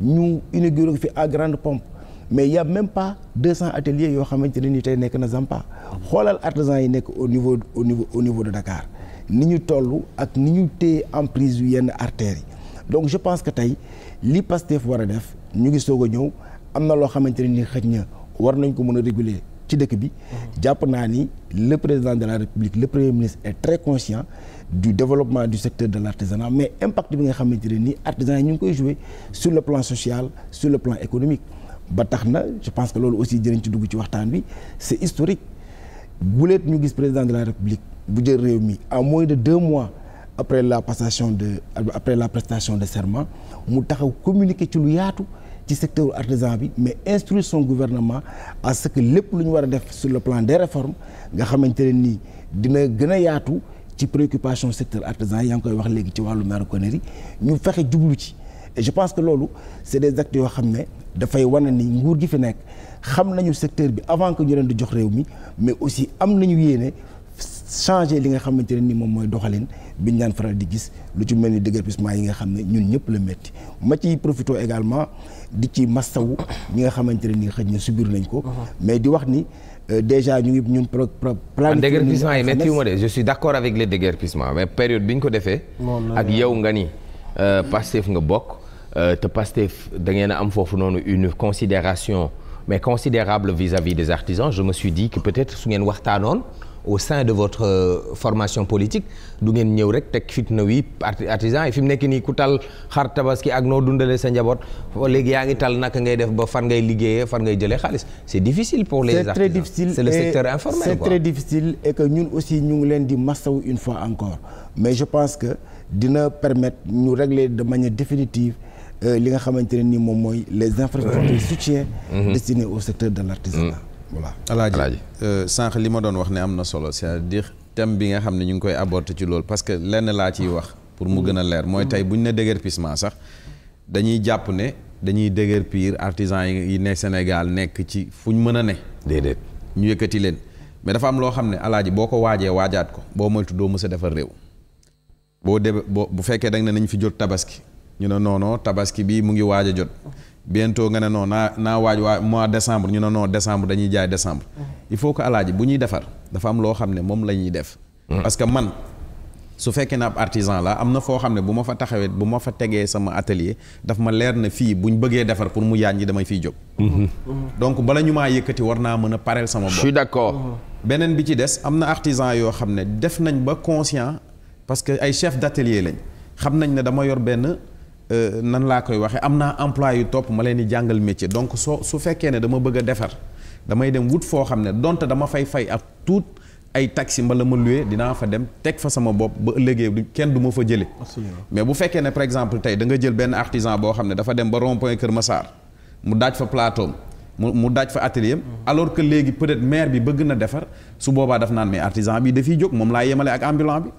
ñu inauguré fi à grande pompe mais y a même pas deux cents ateliers yoo xamante ne ni tey nekk na Zampa xoolal artisans yi nekk au niveau au niveau au niveau de Dakar ni ñu tollu ak ni ñu téye emprise yu yenn artères yi donc je pense que tey li Pastef war a def ñu ngi soog a ñëw am na loo xamante ne ni xëj na war nañ ko mën a réguler ci dëkk bi. jàpp naa ni le président de la république le premier ministre est très conscient du développement du secteur de l' mais impact bi nga xamante ne ni artisans yi ñu ngi koy jouer sur le plan social sur le plan économique. ba tax na je pense que loolu aussi jëriñ ci dugg ci waxtaan bi c' est historique bu leet ñu gis président de la république bu jël réew mi en moins de deux mois. après la passation de après la prestation de serment mu taxaw communiquer ci lu ci secteur artisan bi mais instruire son gouvernement à ce que lépp lu ñu war a def su le plan des réforme nga xamante ne nii dina gën a yaatu ci préoccupation secteur artisan yaa ngi koy wax léegi ci wàllu maroquinerie ñu fexe jublu ci je pense que loolu c'est des actes yoo xam ne dafay wane ni nguur gi fi nekk xam nañu secteur bi avant que ñu leen di jox réew mi mais aussi am nañu yéene changer li nga xamante ne ni moom mooy doxalin biñ naan faral di gis lu ci mel ni déguerpissement yi nga xam ne ñun ñëpp la métti ma ciy profité également di ci mastawu ñi nga xamante ne ni xëj na subir nañ ko. Uh-huh. mais di wax ni euh, déjà ñu ngi ñun pro pro. déguerpissement yi métti wu ma de je suis d' accord avec mais période bi ñu ko defee. ak yow nga ni euh, Pastef nga bokk. Euh, te Pastef da ngeen a am foofu noonu une considération mais considérable vis-à-vis des artisans je me suis dit que peut-être su ngeen waxtaanoon. au sein de votre euh, formation politique du ngeen ñëw rek teg fitna wi artisan yi fi mu nekk nii ku tal xar tabaski ak noo dundale sa njaboot léegi yaa ngi tal naka ngay def ba fan ngay liggéeyee fan ngay jëlee xaalis c'est difficile pour les artisans c'est très difficile c'est le secteur informel c'est très difficile et que ñun aussi ñu ngi leen di massaw une fois encore mais je pense que dina permettre ñu régler de manière définitive euh, li nga xamante ne nii moom mooy les infrastructures de soutien mm-hmm. destinées au secteur de l'artisanat mm. voilà alaaji euh, sànq li ma doon wax ne am na solo c'est-à-dire thème bi nga xam ne ñu ngi koy aborder ci loolu parce que lenn laa ciy wax pour mu gën a leer mooy tey bu ñu ne déguerpissement sax dañuy jàpp ne dañuy déguerpir artisan yi ne Sénégal nekk ci fu ñu mën a ne déedéet ñu yëkkati leen mais dafa am loo xam ne alaaji boo ko waajee waajaat ko boo moytu doo mës defar réew boo de boo bu fekkee da nga ne nañ fi jot tabaski ñu ne noonoo tabaski bii mu ngi waaj a jot bientôt nga ne non naa naa waaj waa mois décembre ñu ne non décembre dañuy jaay décembre. il faut que alaaji bu ñuy defar dafa am loo xam ne moom la ñuy def. Mm. parce que man su fekkee na ab artisan la am na foo xam ne bu ma fa taxawee bu ma fa tegee sama atelier daf ma leer na fii buñ bëggee defar pour mu yaañ ñi damay fiy jóg. Mm-hmm. donc bala ñu maa yëkkati war naa mën a pareel sama bopp. je suis d'accord. Mm-hmm. beneen bi ci des am na artisan yoo xam ne def nañ ba conscient parce que ay chef d'atelier lañ xam nañ ne dama yor benn. Euh, nan laa koy waxee am naa emploi yu topp ma leen di jàngal métier donc soo su fekkee ne dama bëgg a defar damay dem wut foo xam ne donte dama fay fay ak tuut ay taxi mbala ma luwe dinaa fa dem teg fa sama bopp ba ëllëgee kenn du ma fa jëlee. mais bu fekkee ne par exemple tey danga jël benn artisan boo xam ne dafa dem ba rond-point Kër Massar mu daaj fa plateau mu mu daaj fa atelier mm-hmm. alors que léegi peut-être maire bi bëgg na defar su boobaa daf naan mais artisan bi dafiy jóg moom laa yemale ak ambulant bi.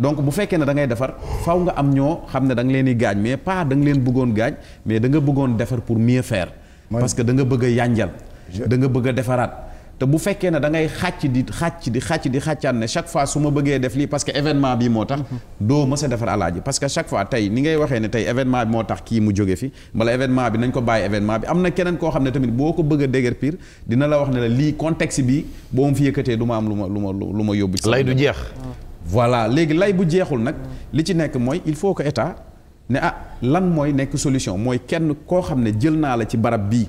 donc bu fekkee ne dangay defar faw nga am ñoo xam ne da nga leen di gaañ mais pas da nga leen bëggoon gaañ mais da nga bëggoon defar pour mieux fair parce que da nga bëgg nga bëgg a te bu fekkee ne da xàcc di xàcc di xàcc di xàccaan ne chaque fois su ma bëggee def lii parce que événement bi moo tax. Mhm. doo mës a defar alaaji parce chaque fois tey ni ngay waxee ne tey événement bi moo tax kii mu jóge fi mbala événement bi nañ ko bàyyi événement bi am na keneen koo xam ne tamit boo ko bëgg a déguerpir dina la wax ne la lii contexte bi boo mu fi yëkkatee du ma am lu ma lu ma lu ma yóbbu. lay du jeex. voilà léegi lay bu jeexul nag li ci nekk mooy il faut que état ne ah lan mooy nekk solution mooy kenn koo xam ne jël naa la ci barab bii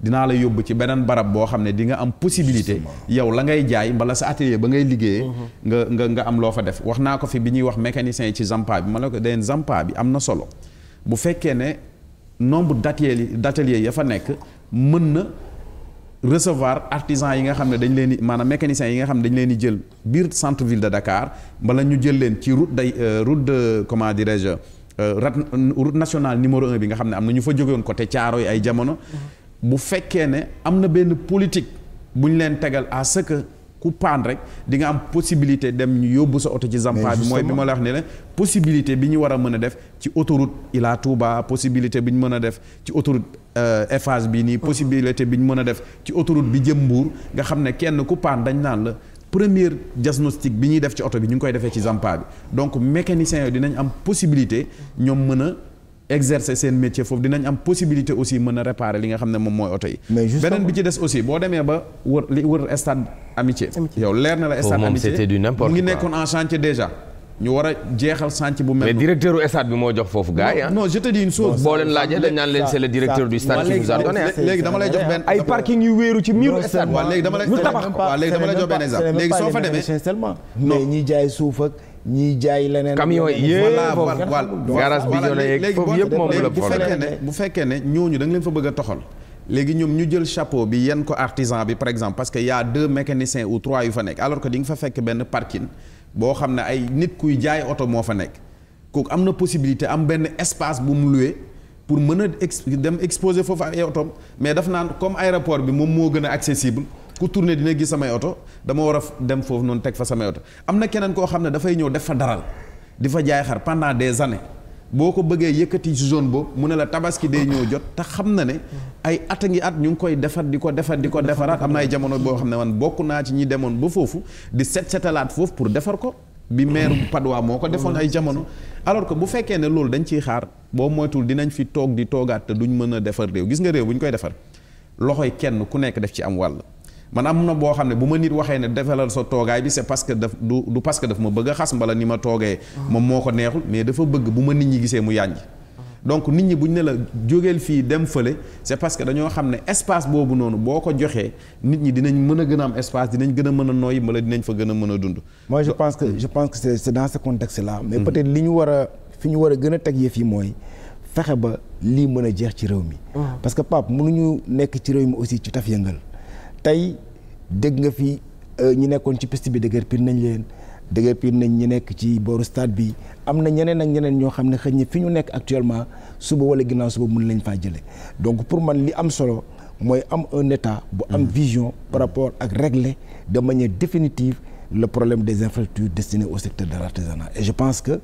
dinaa la yóbbu ci beneen barab boo xam ne di nga am possibilité yow la ngay jaay mbala sa atelier ba ngay liggéeyee mhm. nga nga nga am loo fa def wax naa ko fi bi ñuy wax mécanicien yi ci Zampa bi ma ne ko dañ Zampa bi am na solo bu fekkee ne nombre d'ateliers d'ateliers ya fa nekk mën na recevoir artisans yi nga xam ne dañ leen di maanaam mécaniciens yi nga xam ne dañ leen di jël biir centre ville de Dakar bala ñu jël leen ci route day euh, route de comment dirais-je euh, route nationale numéro un bi nga xam ne am na ñu fa jógewoon côté Thiaro yi ay jamono mm-hmm. bu fekkee ne am na benn politique bu ñu leen tegal à ce ku paan rek di am possibilité dem ñu yóbbu sa oto ci zampa bi mooy bi ma la wax ne la possibilité bi ñu war a mën a def ci autoroute Ila Touba possibilité bi ñu mën a def ci autoroute euh, Eiffage bi nii possibilité bi ñu mën a def ci autoroute bi jëm Mbuur nga xam ne kenn ku paan dañ naan la première diagnostic bi ñuy def ci oto bi ñu ngi koy defee ci zampa bi donc mécanicien yooyu dinañ am possibilité ñoom mën a exercer seen métier foofu dinañ am possibilité aussi mën a réparer li nga xam ne moom mooy oto yi. beneen bi ci des aussi boo demee ba wër li wër stade amitié. yow leer na la stade amitié mu ngi nekkoon en chantier déjà. ñu war a jeexal chantier bu mel. directeur stade bi moo jox foofu gars yi ah. non je te dis une chose. boo leen laajee dañ naan leen c'est le directeur du stade qui nous a donné. Ah. léegi dama lay jox benn ay parking yu wéeru ci miiru stade. waaw léegi ñuy jaay leneen. am yéen foofu garage bi ñu ne foofu yëpp moom la bu fekkee ne bu fekkee ne ñooñu bëgg a toxal. léegi ñoom ñu jël chapeau bi yenn ko artisan bi par exemple parce que y a deux mécaniciens ou trois yu fa nekk alors que di nga fa fekk benn parking boo xam ne ay nit kuy jaay oto moo fa nekk kooku am na possibilité am benn espace bu mu loué pour mën a dem exposer foofu ay oto mais daf naan comme aéroport bi moom moo gën a accessible. ku tourné dina gis samay oto dama war a dem foofu noonu teg fa samay oto am na keneen koo xam ne dafay ñëw def fa daral di fa jaay xar pendant des années boo ko bëggee yëkkati ci zone boobu mu ne la tabaski day ñëw jot te xam na ne ay at a ngi at ñu ngi koy defar di ko defaraat am na ay jamono boo xam ne man bokk naa ci ñi demoon ba foofu di set setalaat foofu pour defar ko bi maire Padois moo ko defoon ay jamono alors que bu fekkee ne loolu dañ ciy xaar boo moytul dinañ fi toog di toogaat te duñ mën a defar réew nga réew bu ñu koy defar loxoy kenn ku nekk def ci am wàll man am na boo xam ne bu ma nit waxee ne defalal sa toogaay bi c'est parce que daf du du parce que daf ma bëgg a xas mbala ni ma toogee moom moo ko neexul mais dafa bëgg bu ma nit ñi gisee mu yànj donc nit ñi buñ ne la jógeel fii dem fële c'est parce que dañoo xam ne espace boobu noonu boo ko joxee nit ñi dinañ mën a gën a am espace dinañ gën a mën a nooyi mbala dinañ fa gën a mën a dund moi je pense que je pense que c'est c'est dans ce contexte là mais mhm. peut li ñu war a fi ñu war a gën a teg yëf yi mooy fexe ba lii mën a jeex ci réew mi mhm. parce que Pape mënuñu nekk ci réew mi aussi ci taf yëngal tey dégg nga fi euh, ñi nekkoon ci piste bi dëgër pir nañ leen dëgër pir nañ ñi nekk ci booru stade bi am na ñeneen ak ñeneen ñoo xam ne xëñ ñi fi ñu nekk actuellement suba wala ginnaaw suba mun lañ faa jëlee donc pour man li am solo mooy am un état bu am hmm. vision par rapport ak régler de manière définitive le problème des infrastructures destinées au secteur de l'artisanat et je pense que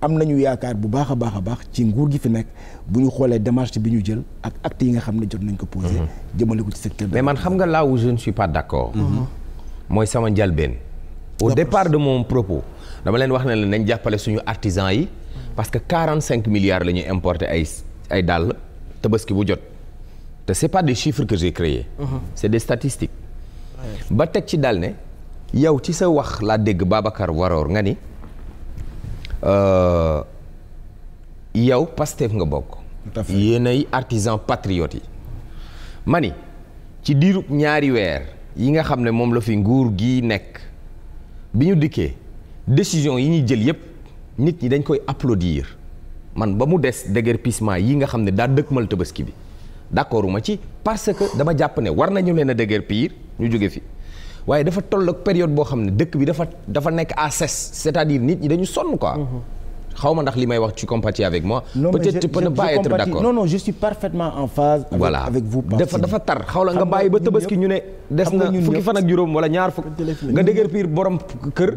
am nañu yaakaar bu baax a baax a baax ci nguur gi fi nekk bu ñu xoolee démarche bi ñu jël ak actes yi nga xam ne jot nañ ko posé mhm. jëmale ko ci secteur mais man xam nga là où je ne suis pas d'accord mhm. mooy sama njalbeen au départ de mon dama leen wax na la nañ jàppale suñu artisan yi parce que quarante cinq milliards la ñuy importer ay ay dàll tabaski bu jot te c'est pas des chiffres que j'ai créés mhm. c'est des statistiques ba teg ci daal ne yow ci sa wax laa dégg Babacar Waroor nga ni Euh, yow Pastef nga bokk. yéen ay artisan patriotes yi. ma ni ci diirub ñaari weer yi nga xam ne moom la fi nguur gi nekk bi ñu dikkee décision yi ñuy jël yépp nit ñi dañ koy applaudir man ba mu des déguerpissement yi nga xam ne daa mal tabaski bi d'accorduma ci parce que dama jàpp ne war nañu leen a déguerpir ñu jóge fi. waaye dafa toll ak période boo xam ne dëkk bi dafa dafa nekk à cesse c'est-à-dire nit ñi dañu sonn quoi. Mm-hmm. xaw ma ndax li may wax tu compatis avec moi. non peut-être je, tu peux ne pas être d'accord non non je suis parfaitement en phase. avec, voilà. avec vous dafa dafa tar nga bàyyi ba wala ñaar fukk. nga dëgër piir borom kër.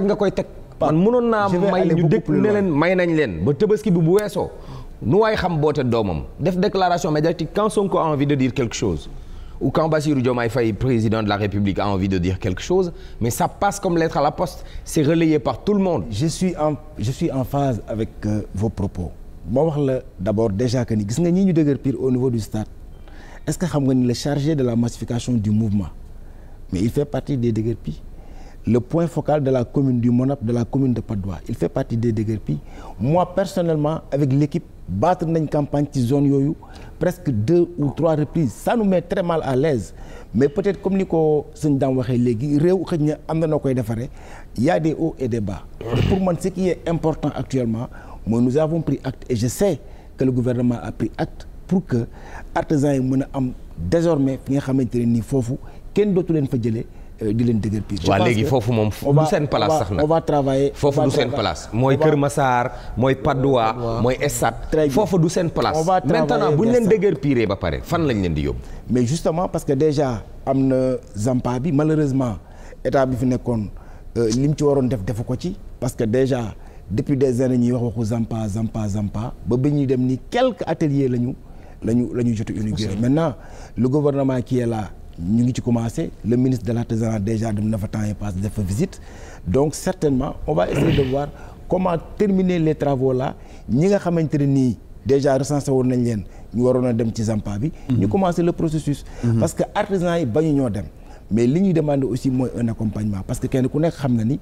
nga koy teg. man mënoon naa may ñu dëkk ne leen may nañ leen ba tabaski bi bu weesoo. nu waay xam doomam def déclaration médiatique quand Sonko a envie de dire quelque chose ou quand Bassirou Diomaye Faye président de la République a envie de dire quelque chose mais ça passe comme lettre à la poste c'est relayé par tout le monde je suis en phase avec euh, vos propos moo wax la d'abord déjà que ni gis nga ñii ñu dëgër pire au niveau du stade est-ce que xam nga ni le chargé de la massification du mouvement mais il fait partie des déguerpis le point focal de la commune du Monap de la commune de Patte d'Oie il fait partie des déguerpis moi personnellement nañ campagne ci yooyu presque deux ou trois reprises ça nous met très mal à l'aise mais peut-être comme ni ko sëñ daam waxee léegi réew xëy na am na noo koy defaree y a des hauts et des bas pour man ce qui est important actuellement mooy nous avons pris acte et je sais que le gouvernement a pris acte pour que artisans yi mën a am désormais fi nga xamante ne nii foofu kenn dootu leen fa jëlee Euh, di leen dëgër piis waaw léegi foofu moom du seen place sax nag on va travailler foofu du seen place mooy Kër Massar mooy Padoua mooy Essat foofu du seen place maintenant bu ñu leen dëgër piiree ba pare fan lañ leen di yóbbu mais justement parce que déjà am na Zampa bi malheureusement état bi fi nekkoon euh, li mu ci waroon def defu ko ci parce que déjà depuis des années ñuy wax waxu Zampa Zampa Zampa ba ba ñuy dem ni quelques ateliers lañu lañu la ñu joti inauguré maintenant le gouvernement qui est là ñu ngi ci commencé le ministre de l'artisanat déjà dem na fa temps yi passe def fa visite donc certainement on va essayer de voir comment terminer les travaux là ñi nga xamante ne nii déjà recensé woon nañ leen ñu waroon a dem ci Zampa bi. ñu mhm. commencé le processus. Mhm. parce que artisans yi bañu ñoo dem. mais li ñuy demander aussi mooy un accompagnement parce que kenn ku nekk xam na ni.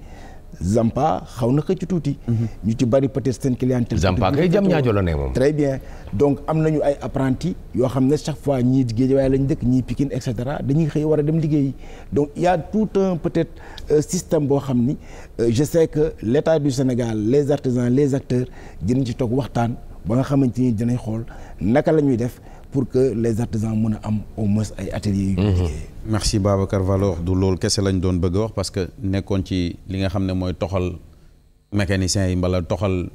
Zampa xaw na ko ci tuuti. Mhm. ñu ci bari peut-être seen clientèle. Zampa kay jam ñaajo la ne moom. très bien donc am nañu ay apprentis yoo xam ne chaque fois ñii Guédiawaye lañu dëkk ñii Pikine et cetera dañuy xëy war a dem liggéeyi donc il tout un peut-être euh, système boo xam ni euh, je sais que l'État du Sénégal les artisans les acteurs dinañ ci toog waxtaan ba nga xamante ni dinañ xool naka la ñuy def pour que les artisans mën a am au moins ay ateliers yu ñuy mhm. merci Babacar Valor du loolu kese lañ doon bëgg a wax parce que nekkoon ci li nga xam ne mooy toxal mécanicien yi mbala toxal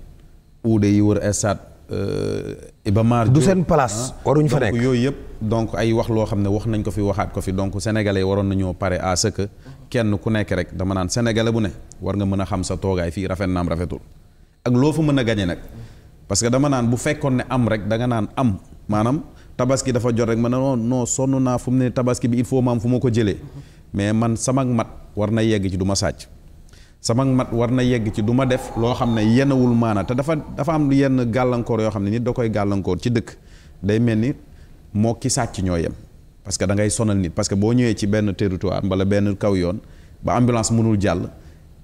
uude yi wër estaat euh, ba Mar du seen place ah, waruñ fa nekk yooyu yëpp donc ay wax loo xam ne wax nañ ko fi waxaat ko fi donc sénégalais waroon nañoo pare à ce kenn ku nekk rek dama naan sénégalais bu ne war nga mën a xam sa toogaay fii rafet naam rafetul ak loo fa mën a gañe nag parce que dama naan bu fekkoon ne am rek da nga naan am maanaam tabaski dafa jot rek ma ne non non sonn naa fu mu ne tabaski bi il foo ma fu ma ko jëlee mais man sama mat war na yegg ci du ma sàcc sama mat war na yegg ci du ma def loo xam ne yenawul maana te dafa dafa am yenn gàllankoor yoo xam ne nit da koy gàllankoor ci dëkk day mel ni moo ki sàcc ñoo yem parce que da ngay sonal nit parce que boo ñëwee ci benn territoire mbala benn kaw yoon ba ambulance mënul jàll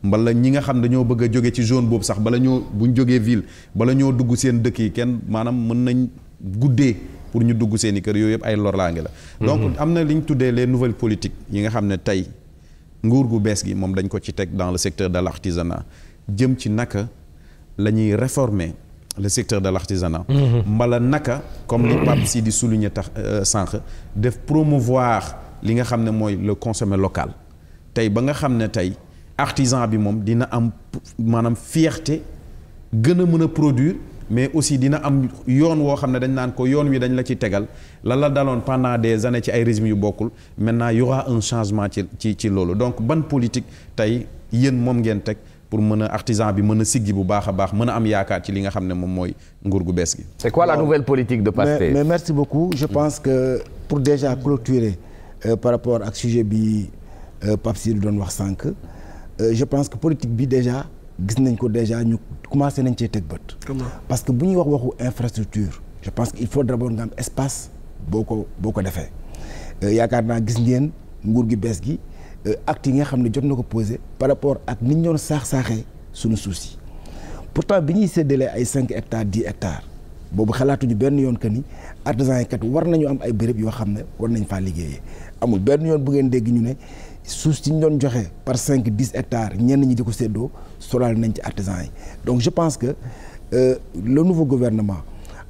mbala ñi nga xam dañoo bëgg a jóge ci zone boobu sax bala ñoo buñ jógee ville bala ñoo dugg seen dëkk yi kenn maanaam mën nañ guddee pour ñu dugg seen i kër yooyu yëpp ay lorlaange la donc mm-hmm. am na li ñu tuddee les nouvelles politiques yi nga xam ne tey nguur gu bees gi moom dañ ko ci teg dans le secteur de l'artisanat jëm ci naka la ñuy réformer le secteur de l'artisanat mm-hmm. mbala naka comme li Pape Sidi souligné tax euh, sànq def promouvoir li nga xam ne mooy le consommer local tey ba nga xam ne tey artisan bi moom dina am maanaam fierté gën a mën a produire mais aussi dina am yoon woo xam ne dañ naan ko yoon wi dañ la ci tegal lan la daloon pendant des années ci ay régime yu bokkul maintenant y aura un changement ci ci ci loolu donc ban politique tey yéen moom ngeen teg pour mën a artisan bi mën a siggi bu baax a baax mën a am yaakaar ci li nga xam ne moom mooy nguur gu bees gi. c'est quoi politique de Pastef mais, mais merci beaucoup je hmm. pense que pour déjà clôturer euh, par rapport ak sujet bi euh, Pape Sidi doon wax sànq euh, je pense que politique bi déjà. gis nañ ko déjà ñu commencé nañ cee teg bët. parce que bu ñuy wax waxu infrastructure. je pense qu'il faut d'abord nga am espace boo ko boo ko defee euh, yaakaar naa gis ngeen nguur gi bees gi euh, actes yi nga xam ne jot na ko posé par rapport ak ni ñu doon saax-saaxee suñu suuf si pourtant bi ñuy séddalee ay cinq hectares dix hectares boobu xalaatuñu benn yoon que ni artisans yi kat war nañu am ay béréb yoo xam ne war nañ faa liggéeyee amul benn yoon bu ngeen dégg ñu ne suuf si ñu doon joxe par cinq dix hectares ñenn ñi di ko séddoo solaal nañ ci artisans yi donc je pense que euh, le nouveau gouvernement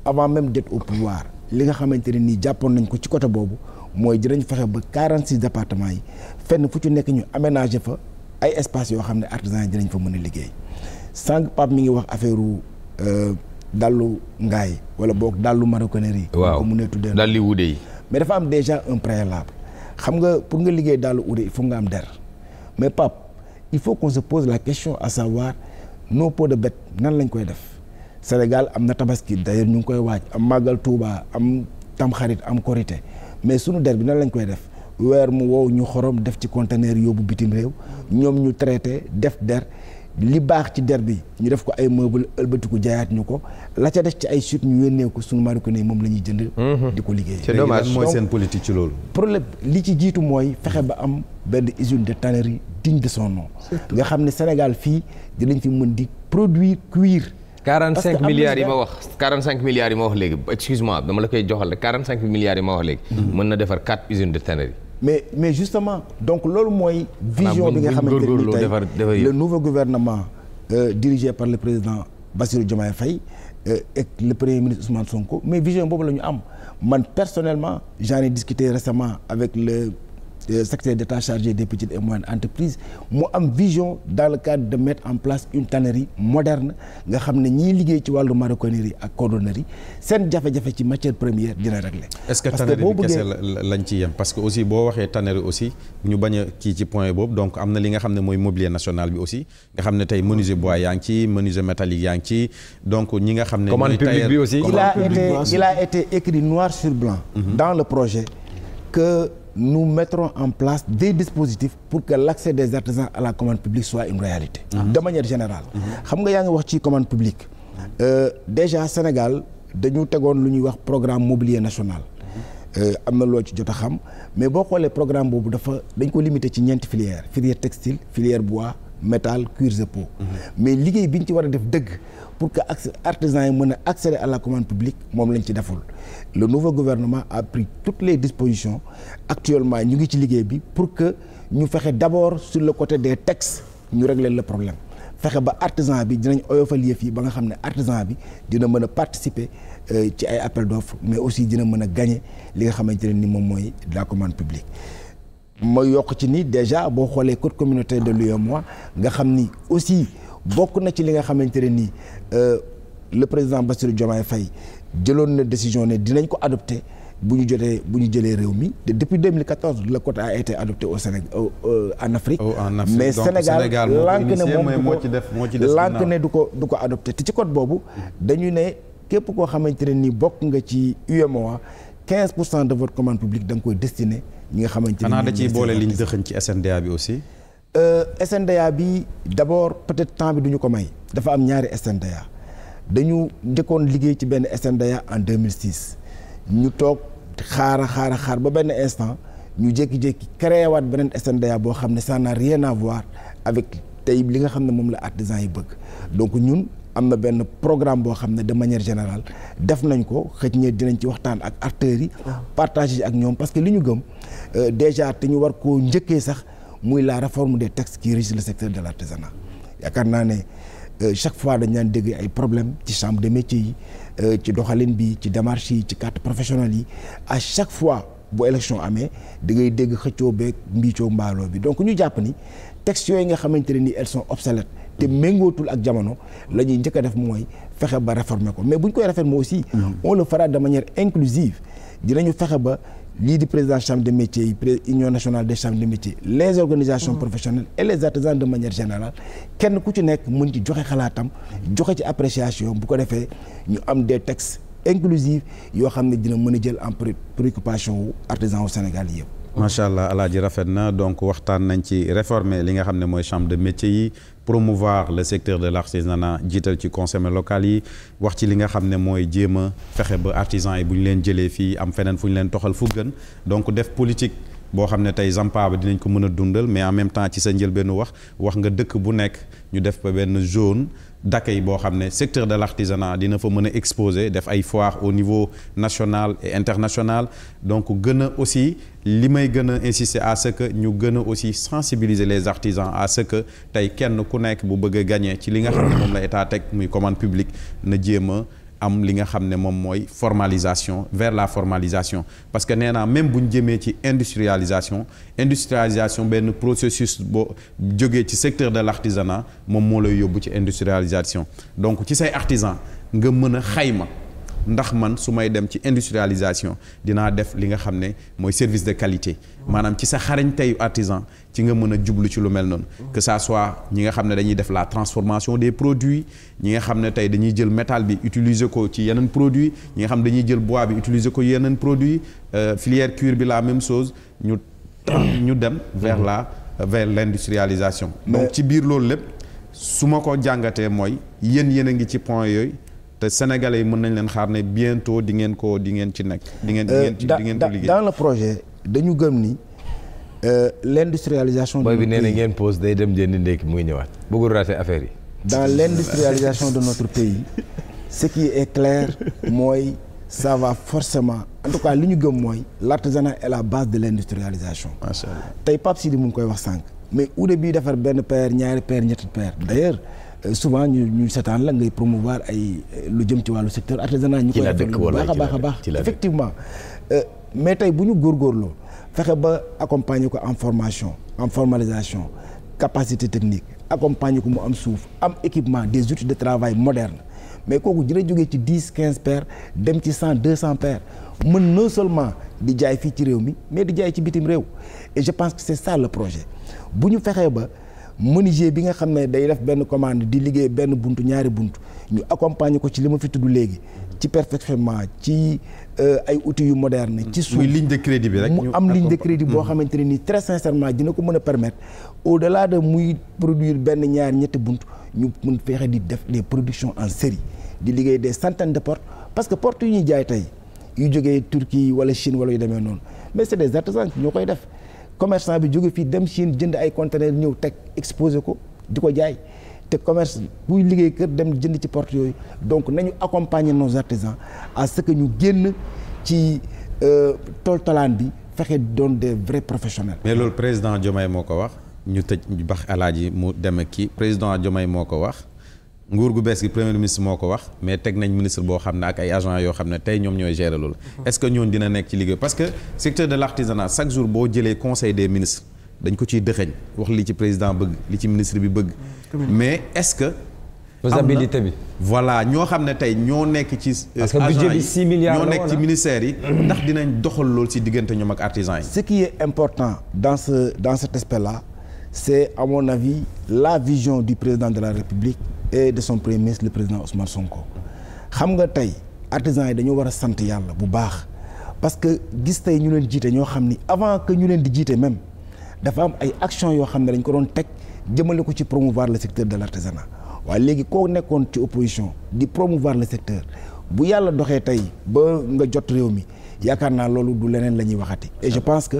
avant même d'être au pouvoir li nga xamante ne nii jàppoon nañ ko ci côté boobu mooy dinañ fexe ba quarante six départements yi fenn fu ci nekk ñu aménager fa ay espaces yoo xam ne artisans yi dinañ fa mën a liggéey sànq Pape mi ngi wax affaire euh, dallu ngaay wala boog dallu maroquinerie. waaw ko ne tuddee. dalli wuude yi. mais dafa am déjà un préalable. xam nga pour nga liggéey daal ude il faut nga am der mais Pape il faut qu'on se pose la question à savoir nos peaux de bête nan lañ koy def Sénégal am na tabaski d'ailleurs ñu ngi koy waaj am màggal Touba am tamxarit am korité mais sunu der bi nan lañ koy def weer mu wow ñu xorom def ci conteneur yóbbu bitim réew ñoom ñu traité def der li baax ci der bi ñu def ko ay meuble ëlbatiku jaayaat ñu ko la ca def ci ay suite ñu yónnee ko suñu marocains ne moom la ñuy jënd. Mhm. di ko liggéey. c'est dommage mooy seen politique ci loolu. problème li ci jiitu mooy fexe ba am benn usine de tannerie digne de son nga xam ne Sénégal fii dinañ fi mën di produire cuir. parce que 45 milliards yi ma wax 45 milliards yi ma wax léegi excuse moi dama la koy joxal rek milliards yi ma wax léegi. Mhm. mën na defar 4 usines de tannerie. mais mais justement donc loolu mooy vision bi nga xamante ni tey le nouveau gouvernement euh, dirigé par le président Bassirou Diomaye Faye ak euh, le premier ministre Ousmane Sonko mais vision boobu la ñu am man personnellement j'en ai discuté récemment avec le secrétaire d'État chargé des petites et moyennes entreprises mu am vision dans le cadre de mettre en place une tannerie moderne nga xam ne ñiy liggéey ci wàllu maroquinerie ak cordonnerie seen jafe-jafe ci matière première dina régler. est-ce que tannerie bi kese lañ ci yem parce que aussi boo waxee tannerie aussi ñu bañ kii ci point boobu donc am na li nga xam ne mooy mobilier national bi aussi nga xam ne tey menuisier bois yaa ngi ci menuisier métallique yaa ngi ci donc a été nous mettrons en place des dispositifs pour que l'accès des artisans à la commande publique soit une réalité mmh. de générale xam nga yaa ngi wax ci commande publique euh, déjà Sénégal dañu tegoon lu ñuy wax programme mobilier national euh, am na loo ci jot a xam mais boo xoolee programme boobu dafa dañ ko limité ci ñeenti filière filière textile filière bois métal cuir et peau mm-hmm. mais liggéey bi ñu ci war a def dëgg pour que artisans yi mën a accéder à la commande publique moom lañ ci deful le nouveau gouvernement a pris toutes les dispositions actuellement ñu ngi ci liggéey bi pour que ñu fexe d'abord sur le côté des textes ñu régler la problème fexe ba artisan bi dinañ oyofal yëf yi ba nga xam ne artisan bi dina mën a participer euh, ci ay appel d'offres mais aussi dina mën a gagner li nga xamante ne nii moom mooy la commande publique ma yokk ci ni déjà boo xoolee code communautaire de l'UEMOA nga xam ni aussi bokk na ci li nga xamante ne nii Euh, le président Bassirou Diomaye fay jëloon na décision ne dinañ ko adopté bu ñu jotee bu ñu jëlee réew mi te depuis 2014 le code a été adopté au Sénégal euh, en Afrique. Oh, en Afrique mais Sénégal lank ne moo ci def moo ci def lank ne du ko du ko adopté te ci code boobu dañu ne képp koo xamante ne ni bokk nga ci UEMOA 15 pour cent de votre commande publique da koy destiné ñi nga xamante ne. xanaa da ciy boole li ñu dëxëñ ci SNDA bi aussi. Euh, SNDA bi d'abord peut-être temps bi duñu ko may dafa am ñaari SNDA dañu jëkkoon liggéey ci benn SNDA en 2006 ñu toog xaara xaara xaar ba benn instant ñu jékki-jékki créé waat beneen SNDA boo xam ne ça n'a voir avec tey li nga xam ne moom la artisan yi bëgg donc ñun am na benn programme boo xam ne de manière générale def nañ ko xëj na dinañ ci waxtaan ak acteurs yi. Ah. partagé ak ñoom parce que li ñu gëm euh, déjà te ñu war ko njëkkee sax. muy la réforme des textes qui régissent le secteur de la l'artisanat yaakaar naa ne euh, chaque fois dañ daan dégg ay problème ci chambre de métiers yi euh, ci doxalin bi ci démarche yi ci carte professionnelle yi à chaque fois bu élection amee da ngay dégg xëccoo beeg mbiicoo mbaaloo bi donc ñu jàpp ni textes yooyu nga xamante ne ni elles sont te méngootul ak jamono la ñuy njëkk a def mooy fexe ba réformer ko mais bu ñu koy réformer aussi mhm. on le fera de manière inclusive dinañu fexe ba lii di président chambre de métiers yi union nationale des chambres de métiers les organisations mm-hmm. professionnelles et les artisans de manière générale kenn ku ci nekk mën ci joxe xalaatam joxe ci appréciation bu ko defee ñu am des textes inclusifs yoo xam ne dina mën a jël en préoccupation wu artisan wu Sénégal yëpp macha allah alaaji rafet na donc waxtaan nañ ci réformer li nga xam ne mooy chambre de métier yi promouvoir le secteur de l'artisanat jiital ci consommer local yi wax ci li nga xam ne mooy jéem a fexe ba artisan yi bu ñu leen jëlee fii am feneen fu ñu leen toxal fu gën donc def politique boo xam ne tey Zampa ba dinañ ko mën a dundal mais en même temps ci sa njëlbeenu wax wax nga dëkk bu nekk ñu def ba benn zone yi boo xam ne secteur de l'artisanat dina fa mën a exposé def ay foire au niveau national et international donc gën a aussi li may gën a insister à ce que ñu gën a aussi sensibiliser les artisans à ce que tey kenn ku nekk bu bëgg a gagner ci li nga xam ne moom la état teg muy commande publique na jéem a am li nga xam ne moom mooy formalisation vers la formalisation parce que nee naa même bu ñu jëmee ci industrialisation industrialisation benn processus boo jógee ci secteur de l' artisanat moom moo lay yóbbu ci industrialisation donc ci say artisan nga mën a xayma ndax man su may dem ci industrialisation dinaa def li nga xam ne mooy service de qualité maanaam ci sa xarañ teyu artisan ci nga mën a jublu ci lu mel noonu que ça soit ñi nga xam ne dañuy def la transformation des produits ñi nga xam ne tey dañuy jël métal bi utiliser ko ci yeneen produit ñi nga xam ne dañuy jël bois bi utiliser ko yeneen produit euh, filière cuir bi la même chose ñu ñu dem vers la vers l'industrialisation donc ci biir loolu lépp su ma ko jàngatee mooy yéen yéen a ngi ci point yooyu te sénégalais yi mën nañ leen xaar ne bientôt di ngeen ko di ngeen ci nekk di ngeen di ngeen euh, di ngeen ko liggéey dans projet dañu gëm ni Euh, l'industrialisation. booy bi nee na ngeen pause day dem jëndi ndékki mu ngi ñëwaat bëggul raté affaire yi. dans l'industrialisation de notre pays ce qui est clair mooy ça va forcément en tout li ñu gëm mooy l'artisanat est la base de l'industrialisation. macha allah tey Pape Sidi mu ngi koy wax sànq. mais uude bi defar benn paire ñaari paire ñetti paire d'ailleurs euh, souvent ñu ñu setaan la ngay promouvoir ay euh, lu jëm ci wàllu secteur artisanat ñu koy def baax a baax a baax effectivement mais tey bu ñu góor góorloo fexe ba accompagner ko en formation en formalisation capacité technique accompagner ko mu am suuf am équipement des outils de travail moderne mais kooku dina jógee ci dix quinze paires dem ci cent deux cent paires mën non seulement di jaay fii ci réew mi mais di jaay ci bitim réew et je pense que c'est ça le projet bu ñu fexee ba menuisier bi nga xam ne day def benn commande di liggéey benn buntu ñaari buntu ñu accompagner ko ci li ma fi tudd léegi ci perfectionnement ci ay outils yu moderne ci suuf muy ligne de crédit bi rek mu am ligne de crédit boo hmm. xamante ne nii très sincèrement dina ko mën a permettre au delà de muy produire benn ñaar ñetti bunt ñu mun fexe di def des productions en série di liggéey des centaines de portes parce que portes yu ñuy jaay tey yu jógee Turquie wala Chine wala yu demee noonu mais c'est des artisans ñoo koy def commerçant bi jóge fii dem Chine jënd ay conteneurs ñëw teg exposé ko di ko jaay te commerce buy liggéey kër dem jënd ci porte yooyu donc nañu accompagner nos artisans à ce que ñu génn ci euh, toltolaan bi fexe doon des vrais professionnels. mais loolu président Diomaye moo ko wax ñu tëj bax alaaji mu dem ak kii président Diomaye moo ko wax nguur gu bees gi premier ministre moo ko wax mais teg nañ ministre boo xam ne ak ay agents yoo xam ne tey ñoom ñooy gérer loolu. Mm-hmm. est-ce dina nekk ci liggéey parce que secteur de l'artisanat chaque jour dañ ko ciy dëxëñ wax lii ci président bëgg li ci ministre bi bëgg. mais est-ce que. faisabilité bi voilà ñoo xam ne tey ñoo nekk ci. parce que budget bi ñoo nekk ci ministères yi. ndax dinañ doxal lool ci diggante ñoom ak artisan yi. ce qui est important dans ce dans cet aspect là c'est à mon avis la vision du président de la République et de son premier ministre le président Ousmane Sonko xam nga tey artisans yi dañoo war a sant yàlla bu baax parce que gis tey ñu leen jiite ñoo xam ni avant que ñu leen di jiite même. dafa am ay action yoo xam ne dañ ko doon teg jëmale ko ci promouvoir le secteur de l'artisanat waa léegi koo nekkoon ci opposition di promouvoir la secteur bu yàlla doxee tey ba nga jot réew mi yaakaar naa loolu du leneen la ñuy waxati et je pense que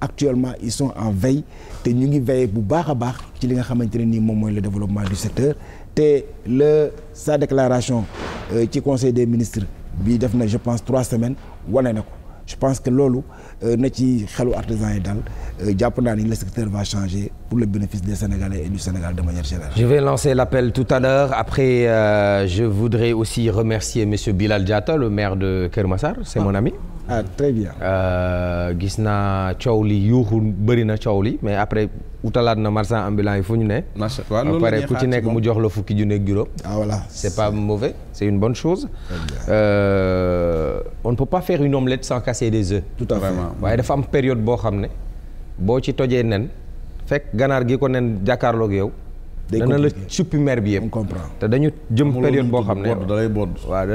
actuellement ils son en veille te ñu ngi veille bu baax a baax ci li nga xamante ne nii moom mooy la développement du secteur te la sa déclaration euh, ci conseil des ministres bi def na je pense trois semaines wane na ko je pense que loolu euh, na ci xelu artisans yi daal euh, jàpp naa ni le secteur va changer pour le bénéfice des Sénégalais et du Sénégal de manière générale. je vais lancer l'appel tout à l'heure après euh, je voudrais aussi remercier monsieur Bilal Diatta le maire de Kër Massar c'est ah. mon ami. ah très bien. Euh, gis naa coow li yuuxu bëri na coow li mais après utalaat na marchand ambulant yi fu ñu ne. macha allah pare ku ci nekk mu jox la fukki junne ak juróom. Ah, voilà c'est pas mauvais c'est une euh, on ne peut pas faire une omelette sans casser des tout à waaye dafa am période boo xam ne boo ci tojee nen fekk ganaar gi ko nen jàkkaarloog yow. day dana la suppi mer bi yëpp. on comprend te dañu jëm période boo xam ne da lay bon waaw